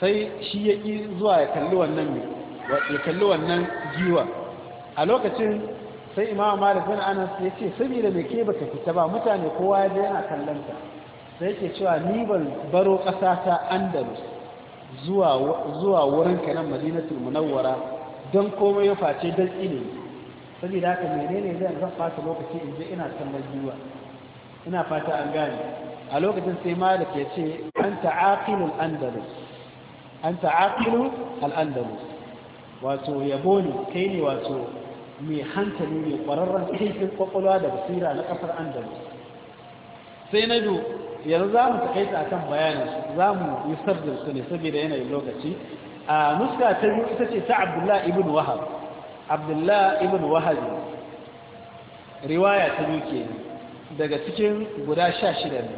sai shi ya ƙi zuwa ya kalli wannan ya kalli wannan giwa a lokacin sai imama malik bin anas ya ce saboda me ke baka fita ba mutane kowa ya ji yana kallonta sai yake cewa ni ban baro ƙasa ta andalus zuwa zuwa wurin kanan madinatul munawwara don komai ya face don ilimi saboda haka menene zan zan fata lokaci in je ina sallar juwa ina fata an gane a lokacin sai malik ya ce an ta'aqilul andalus an ta'aqilul al-andalus wato yabo ne kai ne wato mai hankali ne kwararren kaifin kwakwalwa da basira na kasar andalus sai na du yanzu za mu takaita a kan bayanin za mu yi sardin su ne saboda yanayin lokaci a nuska ta biyu ita ce ta abdullahi ibn wahab abdullah ibn wahabi riwaya ta duke daga cikin guda sha shida ne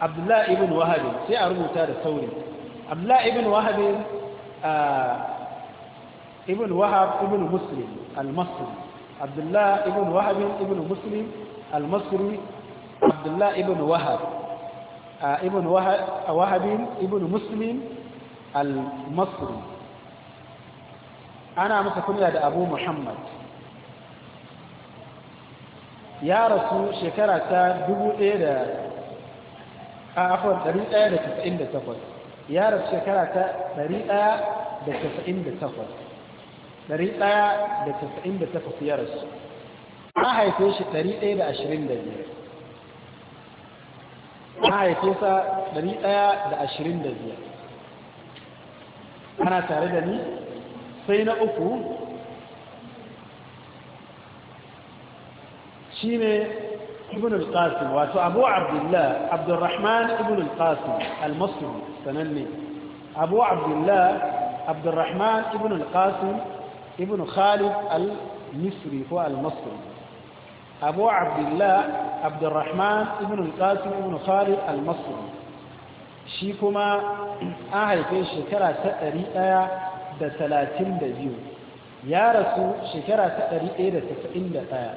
abdullah ibn wahabi sai a rubuta da sauri abdullah ibn wahabi ibn wahab ibn muslim al-masri abdullah ibn Wahabi, ibn muslim al-masri abdullah ibn wahab ibn wahab ibn muslim al-masri ana masa kunya da abu muhammad ya rasu shekara ta 1198 ya rasu shekara ta 198 ya rasu an haife shi 125 an haife sa 125 ana tare da ni sai na uku shi ne ibn al-qasim wato abu abdullah abdurrahman ibn al-qasim al-masri sananne abu abdullah abdurrahman ibn al-qasim ibn khalid al-misri ko al-masri abu abdullah abdurrahman ibn al-qasim ibn khalid al-masri shi kuma an haife shekara ta ɗari ɗaya. da talatin da biyu ya rasu shekara ta ɗari ɗaya da tasa'in da ɗaya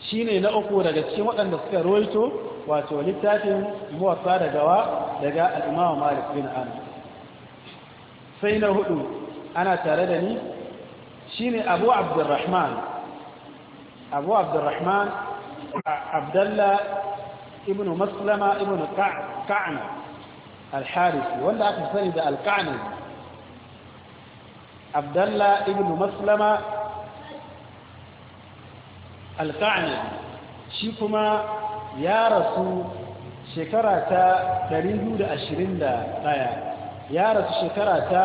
shi ne na uku daga cikin waɗanda suka roito wato littafin muwafa da gawa daga al'umma malik bin an sai na hudu ana tare da ni shi ne abu abdurrahman abu abdurrahman abdallah ibn maslama ibn ka'ana al wanda aka sani da al abdallah abdalla ibn maslama al shi kuma ya rasu shekara ta 221 ya rasu shekara ta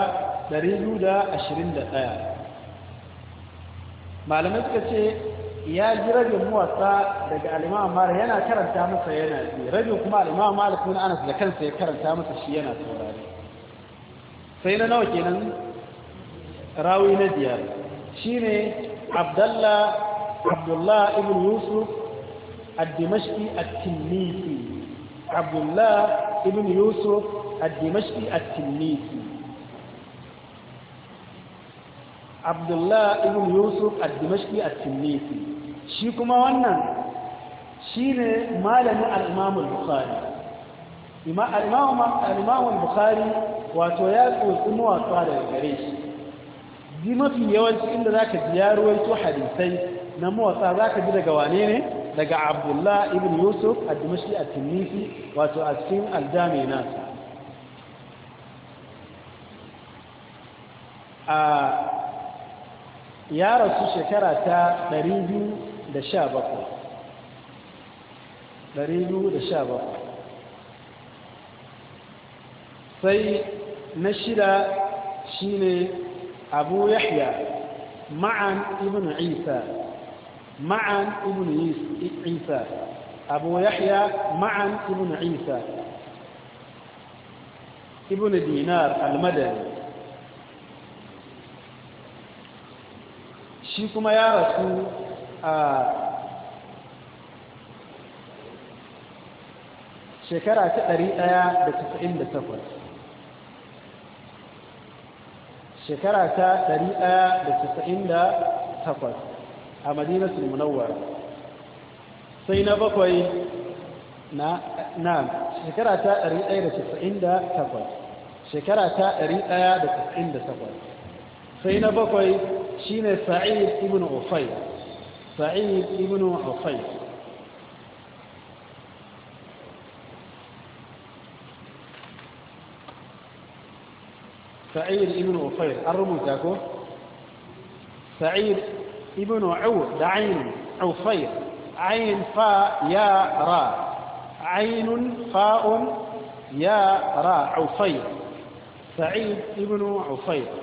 221 malamai suka ce ya ji rabin wasa daga al'imam malik yana karanta masa yana ji rabin kuma al'imam malik na anas da kansa ya karanta masa shi yana saurari sai na nawa kenan rawi na biyar shine abdallah abdullah ibn yusuf ad-dimashqi at abdullah ibn yusuf ad-dimashqi at abdullah ibn yusuf al-dimashqi at-tinnisi shi kuma wannan shine malamin al-imam al-bukhari al-imam al-bukhari wato ya tsotsi mawaƙa daga gare shi ji mafi yawanci inda za ka ji ya ruwaito hadisai na mawaƙa za ka ji daga wane ne daga abdullah ibn yusuf al-dimashqi at-tinnisi wato a cikin aljami nasa ya rasu shekara ta 217 sai na shida ne abu yahya ma'an ibn isa ma'an ibn isa abu yahya ma'an ibn isa ibn dinar al-madani shi kuma ya rasu a shekara ta ɗari ɗaya da tasa'in da takwas shekara ta ɗari ɗaya da tasa'in da takwas a madinatul munawwar sai na bakwai na na shekara ta ɗari ɗaya da tasa'in da takwas shekara ta ɗari ɗaya da tasa'in da takwas sai na bakwai شين سعيد ابن عفيف سعيد ابن عفيف سعيد ابن عفيف الرمزاكو سعيد ابن عو دعين عفيف عين فا يا را عين فاء يا را عفيف سعيد ابن عفيف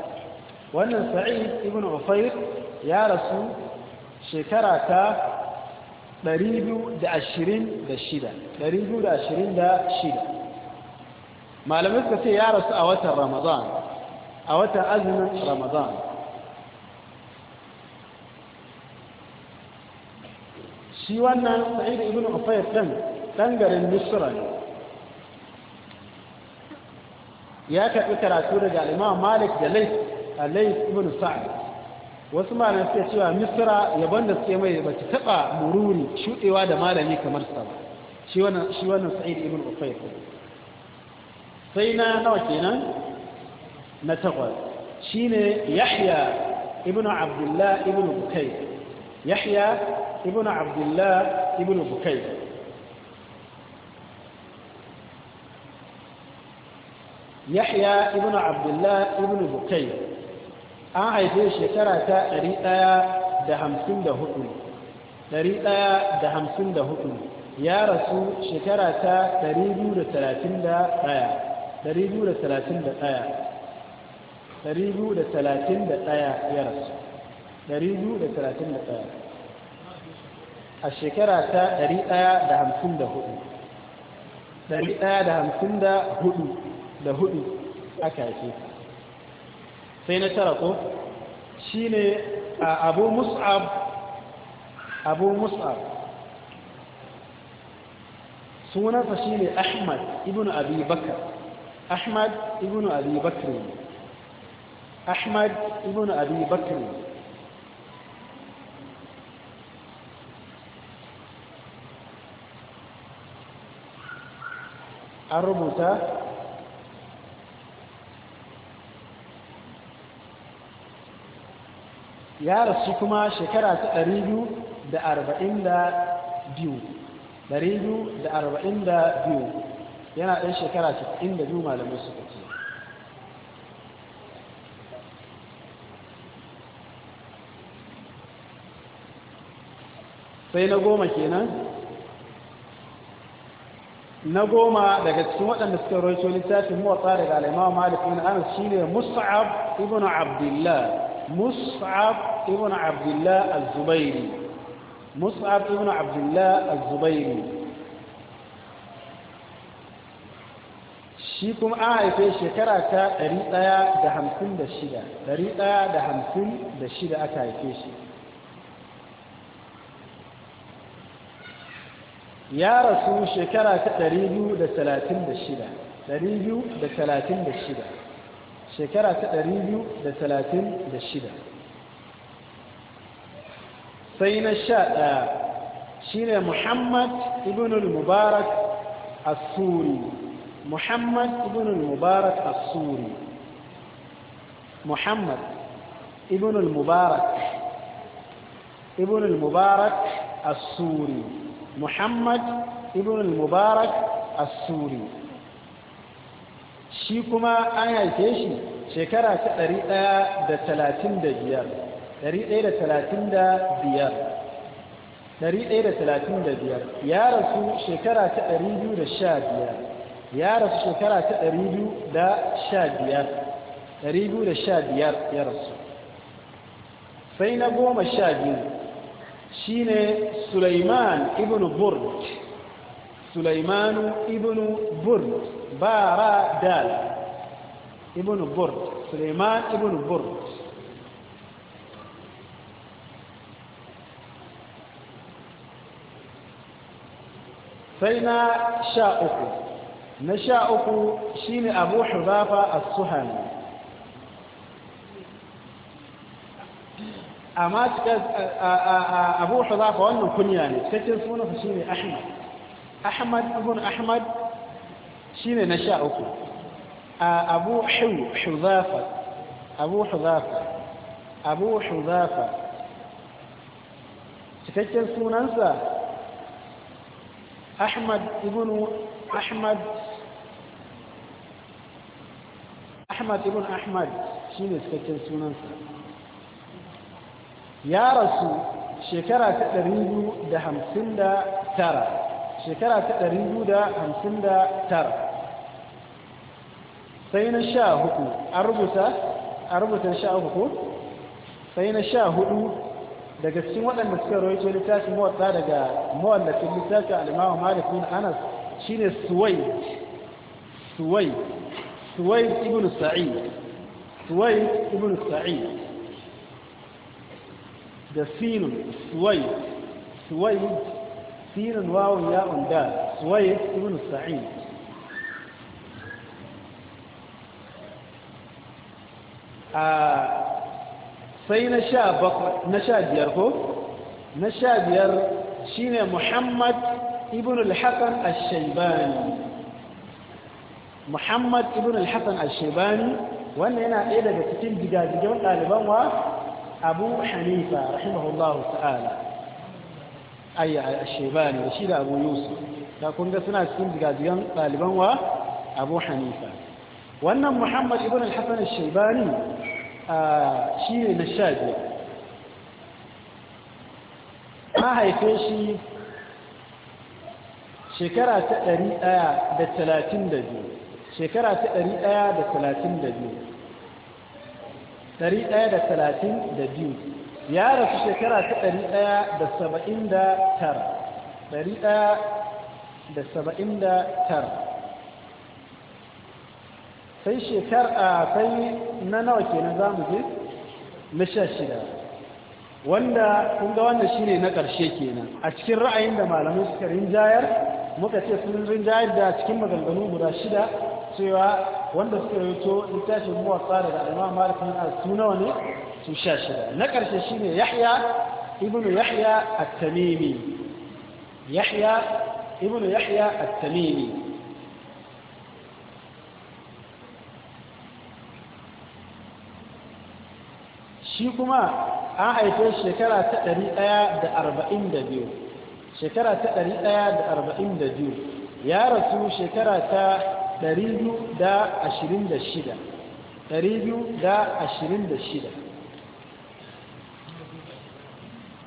wannan sa'id ibn ufair ya rasu shekara ta 226 malamai suka ce ya rasu a watan ramadan a watan azumin ramadan shi wannan sa'id ibn ufair ɗan ɗan garin misra ya karɓi karatu daga al'imam malik da laifin alais ibn sa'd wasu malamai suka cewa misra yabon da suke mai ba ta taba mururi shudewa da malami kamar sa ba shi wannan shi wannan sa'id ibn sai na nawa kenan na takwas shine yahya ibn abdullah ibn bukay yahya ibn abdullah ibn bukay yahya ibn abdullah ibn bukay an haife shekara ta 154 ya rasu shekara ta 231 ya rasu 231 a shekara ta 154 154 da hudu aka haife sai na tara ko shi ne abu mus'ab abu mus'ab sunansa shi ne ahmad ibn abi bakar ahmad ibn abi bakar ahmad ibn abi bakar an rubuta ya rasu kuma shekara ta ɗari biyu da arba'in da biyu ɗari biyu da arba'in da biyu yana ɗan shekara cikin biyu malamai suka ce sai na goma kenan na goma daga cikin waɗanda suka roito littafin motsa daga alaimawa malik ibn anas ne mus'ab ibn abdullah mus'ab ابن عبد الله الزبيري مصعب ابن عبد الله الزبيري shi kuma an haife shekara ta 156 156 aka haife shi ya rasu shekara ta 236 236 shekara ta 236 sai na sha ɗaya shi ne muhammad ibn al-mubarak asuri muhammad ibn al-mubarak asuri muhammad ibn al-mubarak ibn al-mubarak asuri muhammad ibn al-mubarak asuri shi kuma an haife shi shekara ta ɗari ɗaya da talatin da biyar. 135 ya rasu shekara ta 215 ya rasu shekara ta 215 215 ya rasu sai na goma sha biyu shi ne suleiman ibn burd suleimanu ibn burd bara dal ibn burd suleiman ibn burd sai na sha uku na sha uku shi ne abu hudafa a suhani amma abu hudafa wannan kunya ne cikin sunansa shi ne ahmad ahmad ibn ahmad shi ne na sha uku abu hudafa abu hudafa abu hudafa cikakken sunansa أحمد ابن أحمد أحمد ابن أحمد شين سكتن سونان يا رسول شكرا تقريبو دا همسن دا تارا شكرا تقريبو دا همسن دا تارا سينا شاء sha hudu a شاء a سينا شاء hudu daga cikin waɗanda suka rawaito littafin muwatta daga mawallafin littafin al-Imam Malik bin Anas shine Suwai Suwai Suwai ibn Suwai ibn da Sinun Suwai Suwai ya unda Suwai ibn sa'i. a ah, sai na sha biyar ko na sha biyar shi ne muhammad ibn al-hassan al-shaibani muhammad ibn al-hassan al-shaibani wannan yana ɗaya daga cikin gidajen ɗaliban wa abu hanifa rahimahullahu ta'ala ayya al-shaibani da shi da abu yusuf ta kunga suna cikin gidajen ɗaliban wa abu hanifa wannan muhammad ibn al-hassan al-shaibani shi ne na sha biyar ma haife shi shekara ta ɗari ɗaya da talatin da biyu shekara ta ɗari ɗaya da talatin da biyu ɗari ɗaya da talatin da biyu ya rasu shekara ta ɗari ɗaya da saba'in da tara ɗari ɗaya da saba'in da tara sai shekar a sai na nawa kenan za na sha shida wanda kun wanda wannan shine na ƙarshe kenan a cikin ra'ayin da malamai suka rinjayar muka ce sun rinjayar da cikin maganganu guda shida cewa wanda suka rito littafin wasa daga alama malakin su nawa ne su sha shida na ƙarshe shine yahya ibnu yahya at-tamimi yahya yahya at-tamimi shi kuma an haife shekara ta 142 shekara ta 142 ya rasu shekara ta 226 226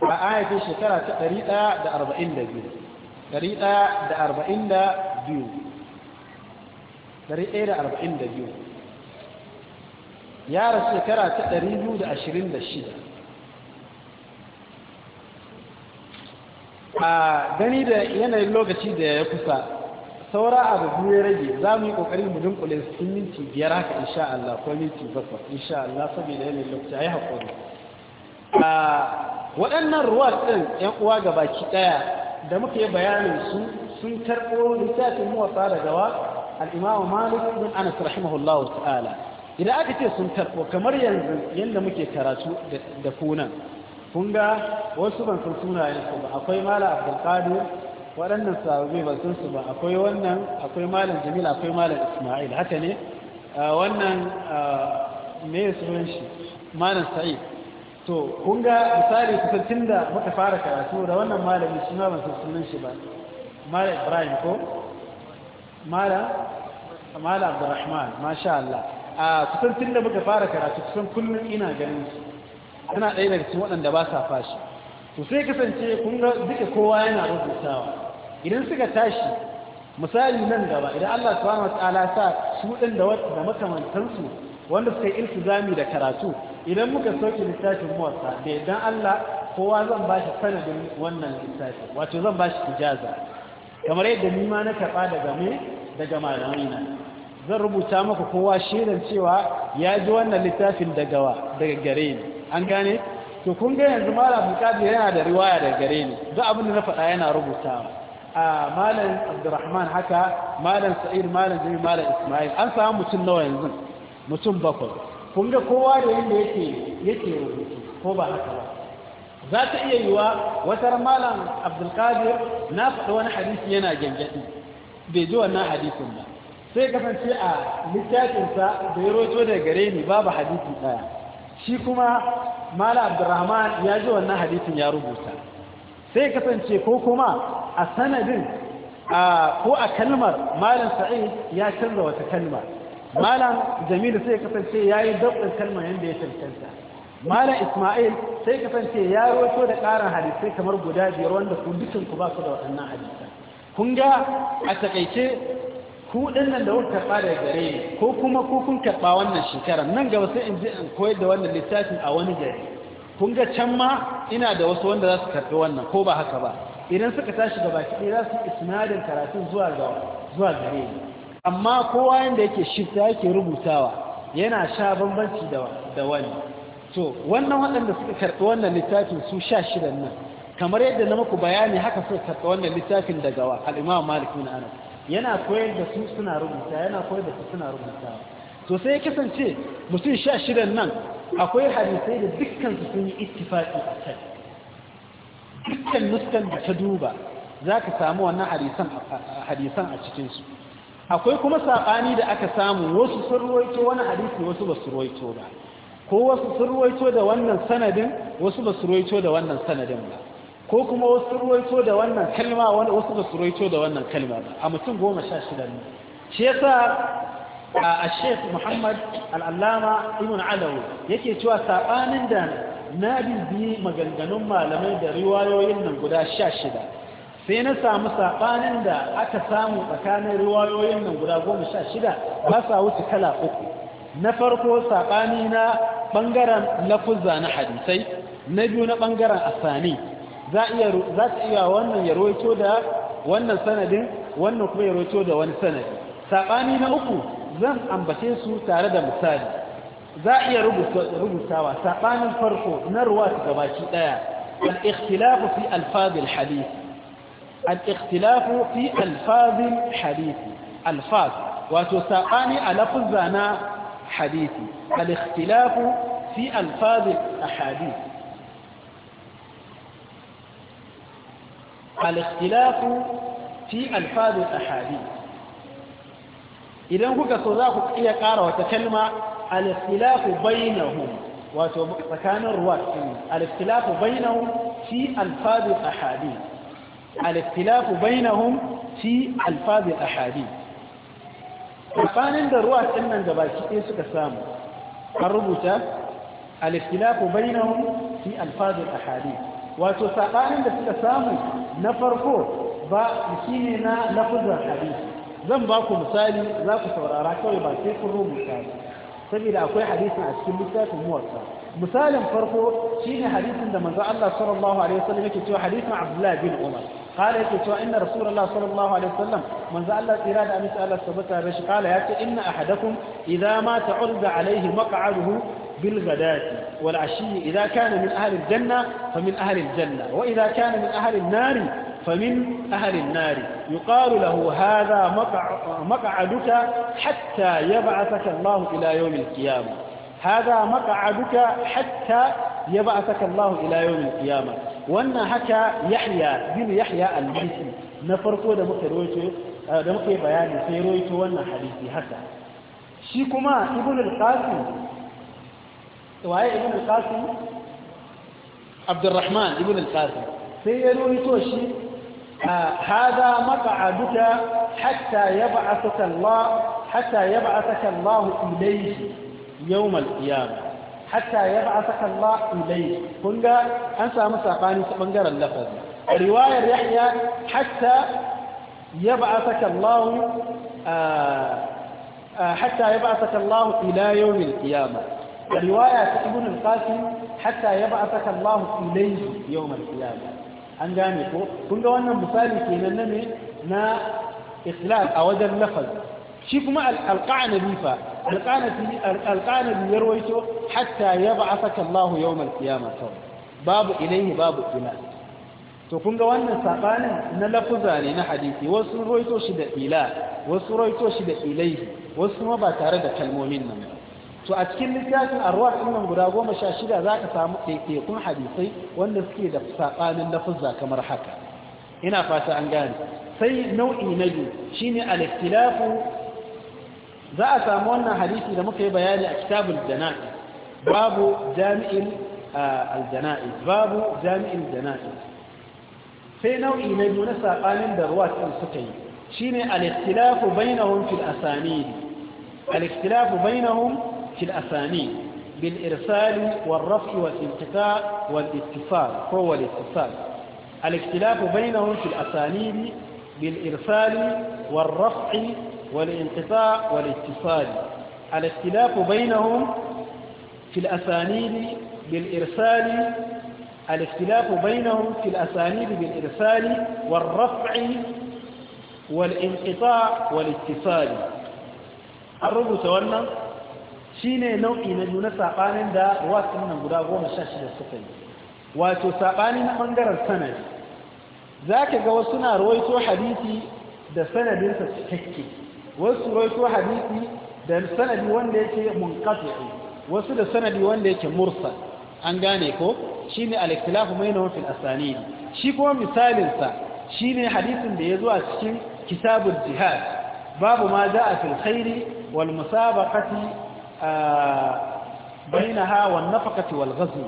a an haife shekara ta 142 142 biyu. ya rasu shekara ta 226 a gani da yanayin lokaci da ya kusa saura abu biyu ya rage za mu yi ƙoƙarin mu dunkule sun minti biyar haka insha Allah ko minti bakwai insha Allah saboda yanayin lokaci a yi haƙuri a waɗannan ruwa ɗin ‘yan uwa ga baki ɗaya da muka yi bayanin su sun karɓo littafin muwasa daga wa al'imamu malik bin anas rahimahullahu ta'ala idan aka ce sun tarbo kamar yanzu yadda muke karatu da kunan kun wasu ban san sunayensu ba akwai Malam abdulkadir waɗannan sababbi ban san su ba akwai wannan akwai malam jamil akwai malam ismail haka ne wannan me sunan shi malam sa'id to kunga misali kusan tun da muka fara karatu da wannan malami shi ma ban san sunan shi ba malam ibrahim ko malam malam abdurrahman masha Allah a kusan tun da muka fara karatu kusan kullum ina ganin su ana ɗaya daga cikin waɗanda ba sa fashi to sai kasance kun ga duka kowa yana rubutawa idan suka tashi misali nan gaba idan Allah subhanahu wataala sa su ɗin da wata da makamantansu wanda suka yi iltizami da karatu idan muka sauke littafin muwassa da idan Allah kowa zan ba shi sanadin wannan littafin wato zan ba shi ijaza kamar yadda ni ma na karɓa daga me daga malamai na zan rubuta maka kowa shaidan cewa ya ji wannan littafin daga gare ni an gane to kun ga yanzu malam bukadir yana da riwaya daga gare ni Za abin da na faɗa yana rubuta. a malam abdurrahman haka malam sa'id malam jami malam ismail an samu mutum nawa yanzu mutum bakwai kun ga kowa da yanda yake yake rubutu ko ba haka ba za ta iya yiwa watar malam abdulkadir na faɗi wani hadisi yana gyangyaɗi bai ji wannan hadisin ba sai kasance a littafinsa da ya roto da gare ni babu hadisi daya shi kuma mala abdurrahman ya ji wannan hadisin ya rubuta sai kasance ko kuma a sanadin ko a kalmar malam sa'id ya canza wata kalma malam jamilu sai kasance ya yi daɓin kalmar yadda ya cancanta malam ismail sai kasance ya roto da ƙarin hadisai kamar guda biyar wanda ku dukanku ba ku da waɗannan hadisai kun ga a takaice ku nan da kuka karɓa daga gare ni ko kuma ku kun karɓa wannan shekarar nan gaba sai in je in koyar da wannan littafin a wani gari kun ga can ma ina da wasu wanda za su karɓi wannan ko ba haka ba idan suka tashi gaba kiɗi za su isnadin karatu zuwa ga zuwa gare ni amma kowa yanda yake shifta yake rubutawa yana sha bambanci da da wani to wannan waɗanda suka karɓi wannan littafin su sha shidan nan kamar yadda na muku bayani haka suka karɓi wannan littafin daga wa al-Imam Malik bin Anas yana koyar da su suna rubuta yana koyar da su suna rubuta to sai ya kasance mutum sha shidan nan akwai hadisai da dukkan su sun yi ittifaqi a kai dukkan nuskan da ta duba za ka samu wannan hadisan a cikinsu. akwai kuma saɓani da aka samu wasu sun ruwaito wani hadisi wasu ba su ruwaito ba ko wasu sun ruwaito da wannan sanadin wasu ba su ruwaito da wannan sanadin ba ko kuma wasu ruwaito da wannan kalma wani wasu da su ruwaito da wannan kalma a mutum goma sha shida ne shi yasa a ashef Muhammad al imun Ibn yake cewa saɓanin da na bibi maganganun malamai da riwayoyin nan guda sha shida sai na samu saɓanin da aka samu tsakanin riwayoyin nan guda goma sha shida ba sa wuce kala uku na farko saɓani na ɓangaren lafuzza na hadisai na biyu na bangaren asani za su iya wannan ya roito da wannan sanadin wannan kuma ya roito da wani sanadi saɓani na uku zan ambace su tare da misali za a iya rubutawa saɓanin farko na ruwa ga baki ɗaya al'ikhtilafu fi alfazil hadisi al'ikhtilafu fi alfazil hadisi alfaz wato saɓani a lafuzza na hadisi al'ikhtilafu fi alfazil hadithi. الاختلاف في ألفاظ الأحاديث إذا هو كصداق إيا قارة وتكلم الاختلاف بينهم وكان الرواة الاختلاف بينهم في ألفاظ الأحاديث الاختلاف بينهم في ألفاظ الأحاديث وكان عند الرواة إن الجباكي إيسو كسامو الربوطة الاختلاف بينهم في ألفاظ الأحاديث wato saɓanin da suka samu na farko ba shi ne na lafuzar hadisi zan ba ku misali za ku saurara kawai ba sai kun rubuta saboda akwai hadisi a cikin littafin muwarsa misalin farko shine hadisin da manzo Allah sallallahu alaihi wasallam yake cewa hadisin Abdullah bin Umar قال يا تو إن رسول الله صلى الله عليه وسلم من ذا الله إرادة يسال الله سبتها بش قال يكي إن أحدكم إذا ما تعرض عليه مقعده بالغداة والعشي إذا كان من أهل الجنة فمن أهل الجنة وإذا كان من أهل النار فمن أهل النار يقال له هذا مقعدك حتى يبعثك الله إلى يوم القيامة هذا مقعدك حتى يبعثك الله إلى يوم القيامة wannan haka yahya bin yahya al-misi na farko da muka roito da muka bayani sai roito wannan hadisi haka shi kuma ibn al-qasim waye ibn al-qasim abdurrahman ibn al-qasim sai ya roito shi هذا مقعدك حتى يبعثك الله حتى يبعثك الله إليه يوم القيامة حتى يبعثك الله إليه كنت أنسى مساقاني سبنجر اللفظ رواية يحيى حتى يبعثك الله آه، آه، حتى يبعثك الله إلى يوم القيامة رواية ابن القاسم حتى يبعثك الله إليه يوم القيامة أن جاني فوق كنت أنا مثالي في النمي نا إخلال أو دا اللفظ شوف مع القاع نبيفة alƙanabi ya rawaito hatta ya ba'afaka Allah yawmal qiyama kawai babu ilaihi babu ila to kun ga wannan sabanin na lafuza ne na hadisi wasu roito shi da ila wasu roito shi da ilaihi wasu kuma ba tare da kalmomin nan ba to a cikin littafin arwah ɗin guda goma sha shida za ka samu ɗaiɗaikun hadisai wanda suke da saɓanin lafuza kamar haka ina fata an gane sai nau'i na biyu shine al-ikhtilafu za a samu wannan hadisi da muka yi bayani a kitabul jana'i babu jami'in aljana'i babu jami'in jana'i sai nau'i na biyu na sabanin da ruwa ɗin suka yi shine al-ikhtilafu bainahum fil asanid al-ikhtilafu bainahum fil asanid bil irsal wal raf'i wal intiqa wal ittifal ko wal ittifal al-ikhtilafu bainahum fil asanid bil irsal wal raf'i والانقطاع والاتصال الاختلاف بينهم في الأسانيد بالإرسال الاختلاف بينهم في الأسانيد بالإرسال والرفع والانقطاع والاتصال الرب تولى شين نوع إن جنس عقان دا واسم من غداغو مشاش للسفين واتو ساقان أنجر السند ذاك جوسنا رويتو حديثي دا سند ينسى تحكي wasu rawaito hadisi da sanadi wanda yake munqati wasu da sanadi wanda yake mursal an gane ko shine al-ikhtilafu bainahum fil asanid shi kuma misalin sa shine hadisin da yazo a cikin kitabul jihad babu ma a fil khairi wal musabaqati bainaha wan nafaqati wal ghazw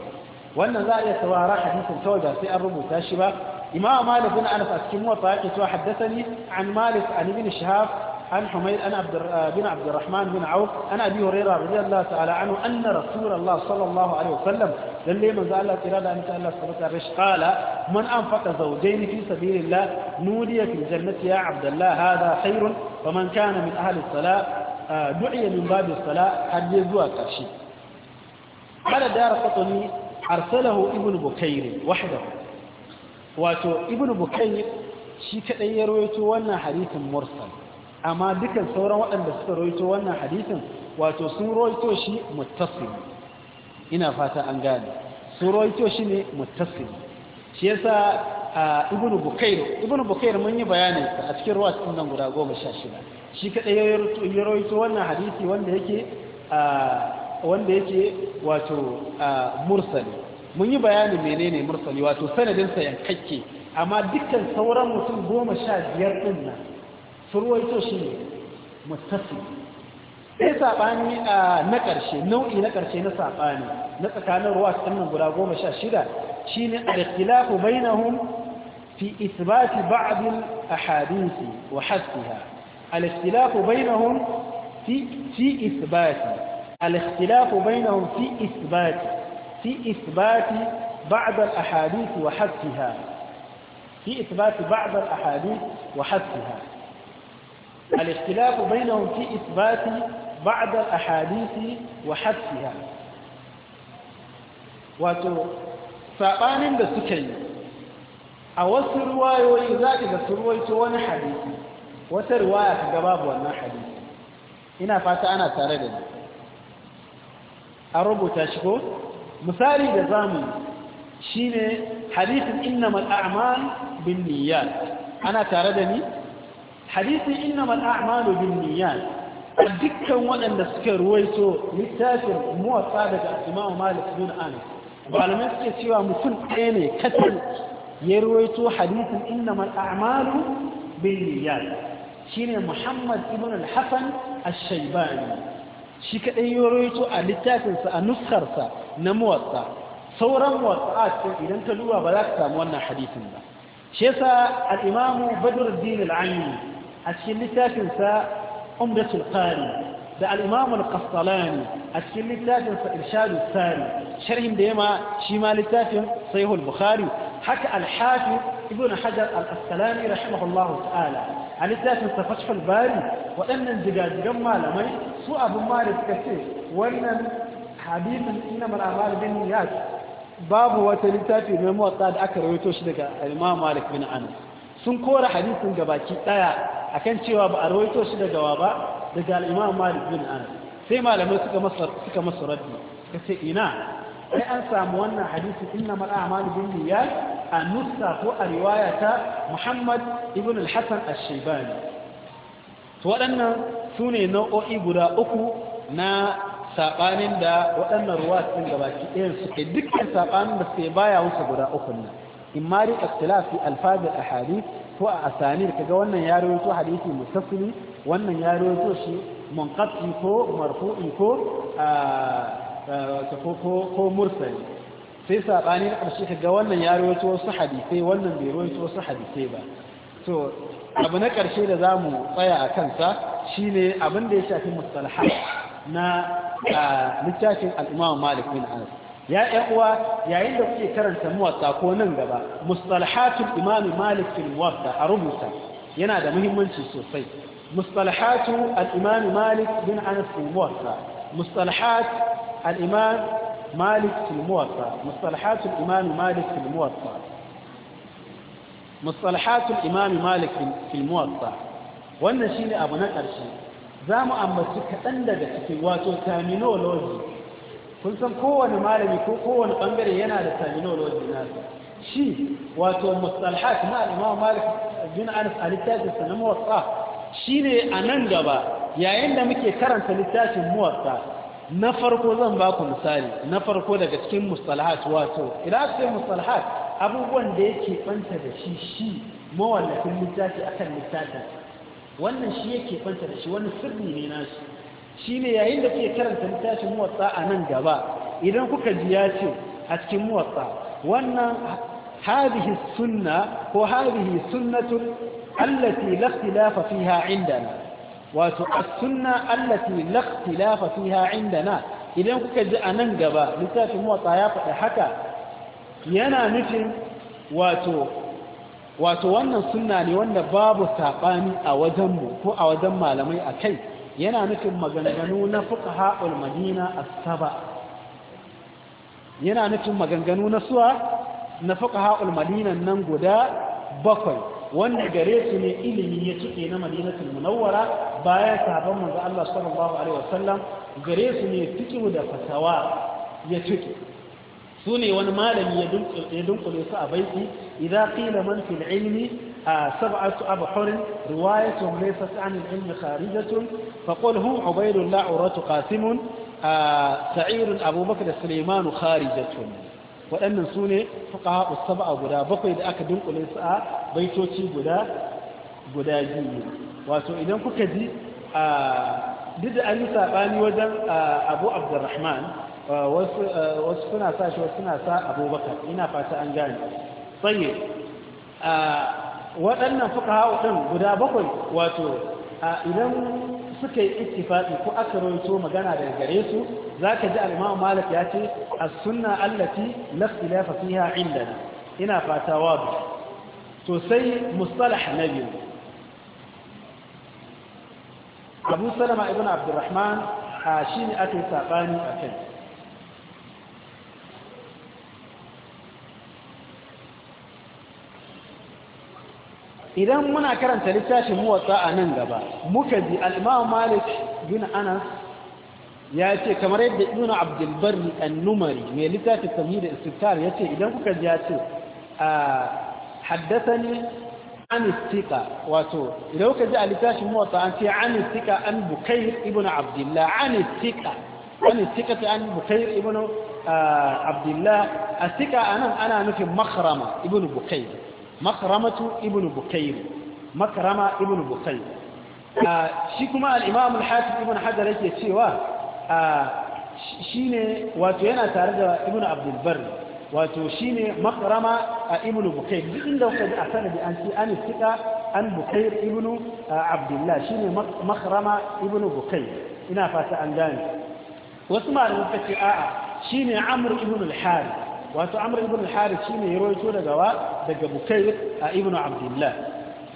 wannan za a iya tawara hadisin kawai ba sai an rubuta shi ba imam malik bin anas a cikin wata wa haddasa haddathani an malik an ibn shihab عن حمير أنا عبد آه، بن عبد الرحمن بن عوف أنا أبي هريرة رضي الله تعالى عنه أن رسول الله صلى الله عليه وسلم للي من زال الله إرادة أن الله قال من أنفق زوجين في سبيل الله نودي في الجنة يا عبد الله هذا خير فمن كان من أهل الصلاة آه، دعي من باب الصلاة قد يزوى كرشي قال دار قطني أرسله ابن بكير وحده واتو ابن بكير شيء كأي يرويت وانا حديث مرسل amma dukan sauran waɗanda suka roito wannan hadisin wato sun roito shi muttasil ina fata an gane sun roito shi ne muttasil shi yasa a ibn bukair ibn bukair mun yi bayani a cikin ruwa cikin nan guda goma sha shida shi kaɗai ya roito wannan hadisi wanda yake wanda yake wato mursali mun yi bayani menene mursali wato sanadinsa yankakke amma dukkan sauran mutum goma sha biyar ɗin nan surwaito shi ne mutassi sai saɓani na ƙarshe nau'i na ƙarshe na saɓani na tsakanin ruwa su ɗannan guda goma sha shida shi ne alƙilafu bainahum fi isbati ba'adin ahadisi wa haskiha alƙilafu bainahum fi isbati الاختلاف بينهم في إثبات في إثبات بعض الأحاديث وحثها في إثبات بعض الأحاديث وحثها الاختلاف بينهم في إثبات بعض الأحاديث وحذفها وسابانين بسكين أوس الرواية وإذاك بس الرواية وانا حديث وس الرواية كباب وانا حديث هنا فاتا أنا تارد أربو تشكو مثالي بزامي شيني حديث إنما الأعمال بالنيات أنا تاردني hadisin innamal a'malu binniyat dukkan waɗanda suka ruwaito littafin muwatta daga Imam Malik bin Anas malamai suke cewa mutum ɗaya ne katal ya ruwaito hadisin innamal a'malu binniyat shine Muhammad ibn al-Hasan ash-Shaybani shi kadai ya ruwaito a littafinsa a nuskarsa na muwatta sauran wata'at idan ta duba ba za ka samu wannan hadisin ba shi yasa al-imamu badruddin al-aini أتكلم تنسى عمدة القاري دع الإمام القصطلاني أتكلم تنسى إرشاد الثاني شرهم ديما شما لتاكن صحيح البخاري حكى الحافظ ابن حجر الأسلاني رحمه الله تعالى عن لتاكن فتح الباري وأن انزجاج جمع لمن سوء بمالك كثير وأن حبيب إنما الأعمال بالنيات babu wata littafi mai muwatta da aka rawaito shi daga Imam Malik sun kora hadisin gabaki daya akan cewa ba a rawaito shi daga wa ba daga al-Imam Malik bin Anas sai malamai suka masa suka masa raddi kace ina ai an samu wannan hadisi inna mal a'malu bin niyyat an nusa ko a riwaya ta Muhammad ibn al-Hasan ash-Shaybani to waɗannan sune nau'o'i guda uku na sabanin da waɗannan ruwa sun gabaki ɗayan suke dukkan sabanin da suke baya wuce guda uku ne in ma dai ikhtilafi alfazil ahadith ko a asanir kaga wannan ya rawaito hadisi muttasili wannan ya rawaito shi munqati ko marfu'i ko ko mursali sai sabani na ƙarshe kaga wannan ya rawaito wasu hadisai wannan bai rawaito wasu hadisai ba to abu na ƙarshe da zamu tsaya a kansa shine abin da ya shafi mustalahat na littafin al-Imam Malik bin Anas يا إخوة يا عندك في كرنسة موطة كوننغبا مصطلحات الإمام مالك في الوضع أرمسا ينادى مهم سوسي مصطلحات الإمام مالك بن عنس في الموطة مصطلحات الإمام مالك في الموطة مصطلحات الإمام مالك في الموطة مصطلحات الإمام مالك في الموطة والنشيل أبو نكرشي زام أمسك أندك في واتو تامينولوجي kun san kowane malami ko kowane bangare yana da terminology nasa shi wato mustalahat na al-Imam Malik bin Anas na tazi shi ne shine nan gaba yayin da muke karanta littafin muwatta na farko zan ba ku misali na farko daga cikin mustalahat wato idan sai mustalahat abubuwan da yake ɓanta da shi shi mawallafin littafi akan littafin wannan shi yake ɓanta da shi wani sirri ne nashi Shi shine yayin da ke karanta littafin muwatsa a nan gaba idan kuka ji ya ce a cikin muwatta wannan hadhihi suna ko hadhihi sunnatun allati la ikhtilafa fiha indana wato as-sunna allati la ikhtilafa fiha indana idan kuka ji a nan gaba littafin muwatsa ya faɗi haka yana nufin wato wato wannan suna ne wanda babu saɓani a wajenmu ko a wajen malamai a kai yana nufin maganganu na fuqaha al-madina a saba yana nufin maganganu na suwa na fuqaha al-madina nan guda bakwai wanda gare su ne ilimi ya cike na madinatul munawwara bayan sahabban manzo Allah sallallahu alaihi wasallam gare su ne fiqhu da fatawa ya cike su ne wani malami ya dunkule su a baiti idan ƙila man fil ilmi آه، سبعة أبحر رواية ليست عن العلم خارجة فقل هو عبيد الله عورة قاسم آه، سعير أبو بكر سليمان خارجة وأن سوني فقهاء السبعة بدا بقي أكدن قليس آ آه، بيتوتي بدا بدا جي واسو إذن كدي لدى أن يسابني وزن أبو عبد الرحمن وسفنا ساش وسفنا سا أبو بكر إنا فاتا أنجاني طيب waɗannan fuka ɗin guda bakwai wato a idan suka yi ittifaɗi ko aka rawaito magana daga gare su za ka ji al'imam malik ya ce a sunna allafi na filafa fiha inda ina fata wadu to sai mustalah na biyu abu salama ibn abdurrahman a shi ne aka saɓani a kai idan muna karanta littafin muwatsa a nan gaba muka ji al'imam malik bin anas ya ce kamar yadda ibn abdulbari annumari mai littafin sami da istikar ya ce idan kuka ji ya ce a haddasa ne an istika wato idan kuka ji a littafin muwatsa an ce an istika an bukai ibn abdullah an istika an istika ta an bukai ibn abdullah a stika a nan ana nufin makarama ibn bukai makramatu ibn bukayr makarama ibn bukayr ah, shi kuma al-imam ibn hajar yake cewa ah, shine wato yana tare da ibn abdul wato shine a ah, ibn bukayr duk inda kuka a sanadi an ci an istika an bukayr ibn abdullah shine makrama ibn bukayr ina fata an gane wasu malamai kace a'a shine amr ibn al wato amr ibn al-harith shine ya rawaito daga wa daga bukayr a ibn abdullah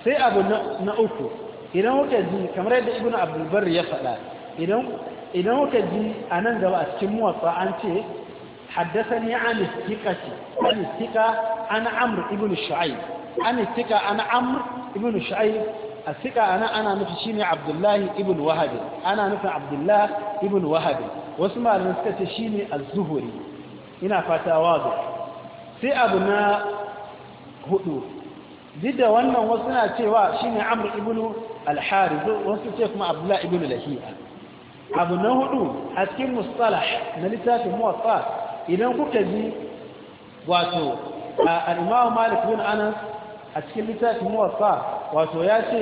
sai abu na uku idan kuka ji kamar yadda ibn abdul ya faɗa idan idan kuka ji anan gaba a cikin muwatta an ce حدثني عن الثقة عن الثقة ibn عمرو ابن الشعيب عن الثقة عن عمرو ابن الشعيب الثقة أنا أنا نفسي عبد الله ابن وهب أنا ibn عبد wasu ابن وهب واسمع نفسي شيني الزهري ina fata wazo sai abu na hudu duk da wannan wasu na cewa shine amr ibnu al-harith wasu ce kuma abdula ibnu lahiya abu na hudu a cikin mustalah na littafin muwatta idan kuka ji wato al-imam malik bin anas a cikin littafin muwatta wato ya ce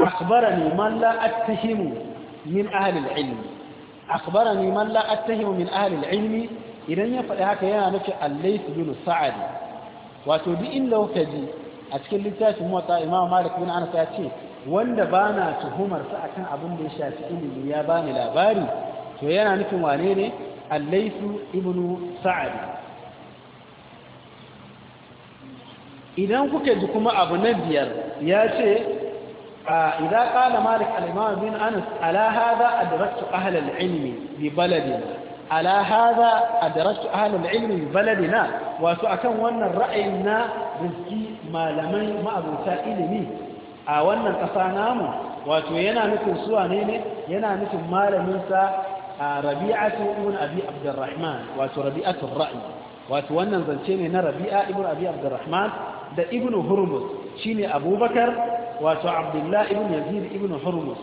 أخبرني من لا أتهم من أهل العلم akbarani man la attahimu min ahli al-ilmi idan ya faɗi haka yana nufin al lays bin sa'd wato duk inda kuka ji a cikin littafin mota imam malik bin anas ya ce wanda bana tuhumar sa akan abin da ya shafi ilimi ya bani labari to yana nufin wane ne al lays ibn sa'd idan kuka ji kuma abu na biyar ya ce إذا قال مالك الإمام بن أنس على هذا أدركت أهل العلم ببلدنا على هذا أدركت أهل العلم ببلدنا وسأكون وانا رأينا رزقي ما لمن ما أبوتا إلمي وانا قصانامو wato yana nufin suwa ne ne yana nufin malaminsa a rabi'atu ibn abi abdurrahman wato rabi'atu ra'i wato wannan zance ne na rabi'a ibn abi abdurrahman da ibn hurmuz shine abubakar wato abdullahi ibn yazid ibn hurmus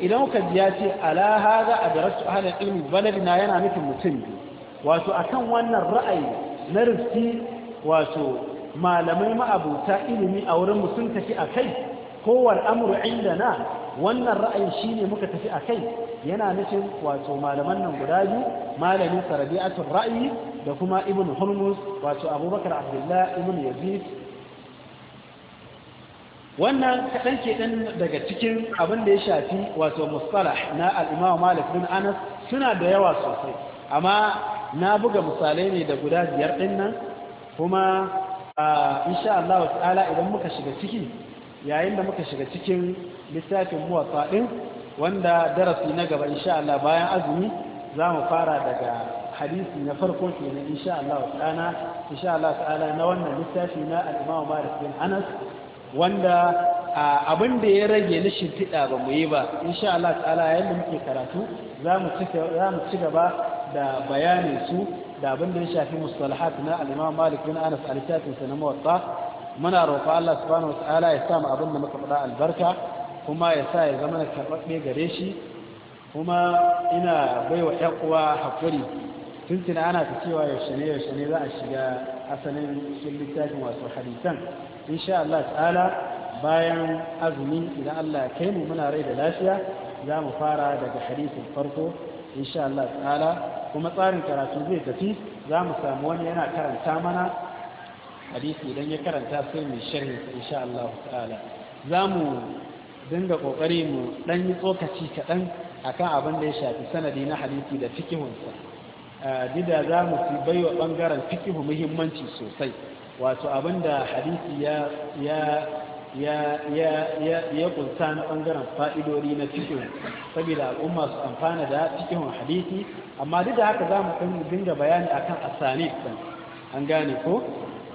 idan ka ji ya ce ala haza a darasta ahalar ilmi baladina yana nufin mutum wato akan wannan ra'ayi na rufki wato malamai ma'abuta ilimi a wurin mutum tafi a kai kowar amuru inda na wannan ra'ayi shi ne muka tafi a kai yana nufin wato malaman nan guda biyu malamin sarabi'atun ra'ayi da kuma ibn hurmus wato abubakar abdullahi ibn yazid wannan kaɗan ke ɗan daga cikin abin da ya shafi wato mustalah na al'imawa malik bin anas suna da yawa sosai amma na buga misalai ne da guda biyar ɗin nan kuma insha Allah ta'ala idan muka shiga ciki yayin da muka shiga cikin littafin muwatsa ɗin wanda darasi na gaba insha Allah bayan azumi za mu fara daga hadisi na farko kenan insha Allah ta'ala insha Allah ta'ala na wannan littafi na al Malik bin Anas wanda abin da ya rage na shimfiɗa ba mu yi ba insha Allah ta'ala yadda muke karatu za mu ci gaba da bayanin su da abin da ya shafi mustalahat na al-Imam Malik bin Anas al-Shafi na muwatta muna roƙo Allah subhanahu wata'ala ya sa mu abin da muka faɗa albarka kuma ya sa ya zama karɓaɓɓe gare shi kuma ina baiwa ƴan uwa hakuri tuntuna ana ta cewa yaushe ne yaushe ne za a shiga asalin shi littafin wasu hadisan insha Allah ta'ala bayan azumi idan Allah ya kai mu muna rai da lafiya za mu fara daga hadisin farko insha Allah ta'ala kuma tsarin karatu zai tafi za mu samu wani yana karanta mana hadisi idan ya karanta sai mai sharhi insha Allah ta'ala za mu dinga kokari mu dan yi tsokaci kaɗan akan abin da ya shafi sanadi na hadisi da fikihunsa eh, dida za mu fi baiwa ɓangaren fikihu muhimmanci sosai wato abinda hadisi ya ya ya ya ya kunta na bangaren fa'idori na cikin saboda al'umma su amfana da cikin hadisi amma duk da haka za mu kan dinga bayani akan asani an gane ko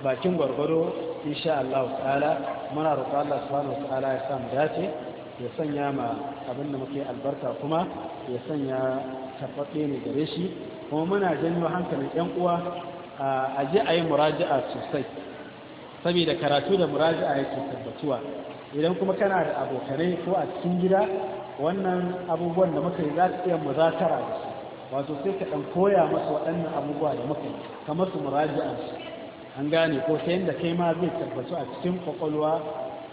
bakin gwargwaro insha Allah ta'ala muna roƙon Allah subhanahu ta'ala ya samu dace ya sanya ma abin da muke albarka kuma ya sanya tabbaɗe ne gare shi kuma muna janyo hankalin 'yan uwa a ji a yi muraji'a sosai saboda karatu da muraji'a yake tabbatuwa idan kuma kana da abokanai ko a cikin gida wannan abubuwan da muka yi za su iya muzakara da su wato sai ka ɗan koya masu waɗannan abubuwa da muka yi kamar su muraji'a su an gane ko ta yadda kai ma zai tabbatu a cikin kwakwalwa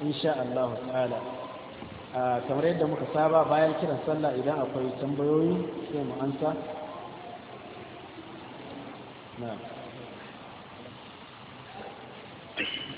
insha Allah ta'ala kamar yadda muka saba bayan kiran sallah idan akwai tambayoyi sai mu ansa na'am Gracias.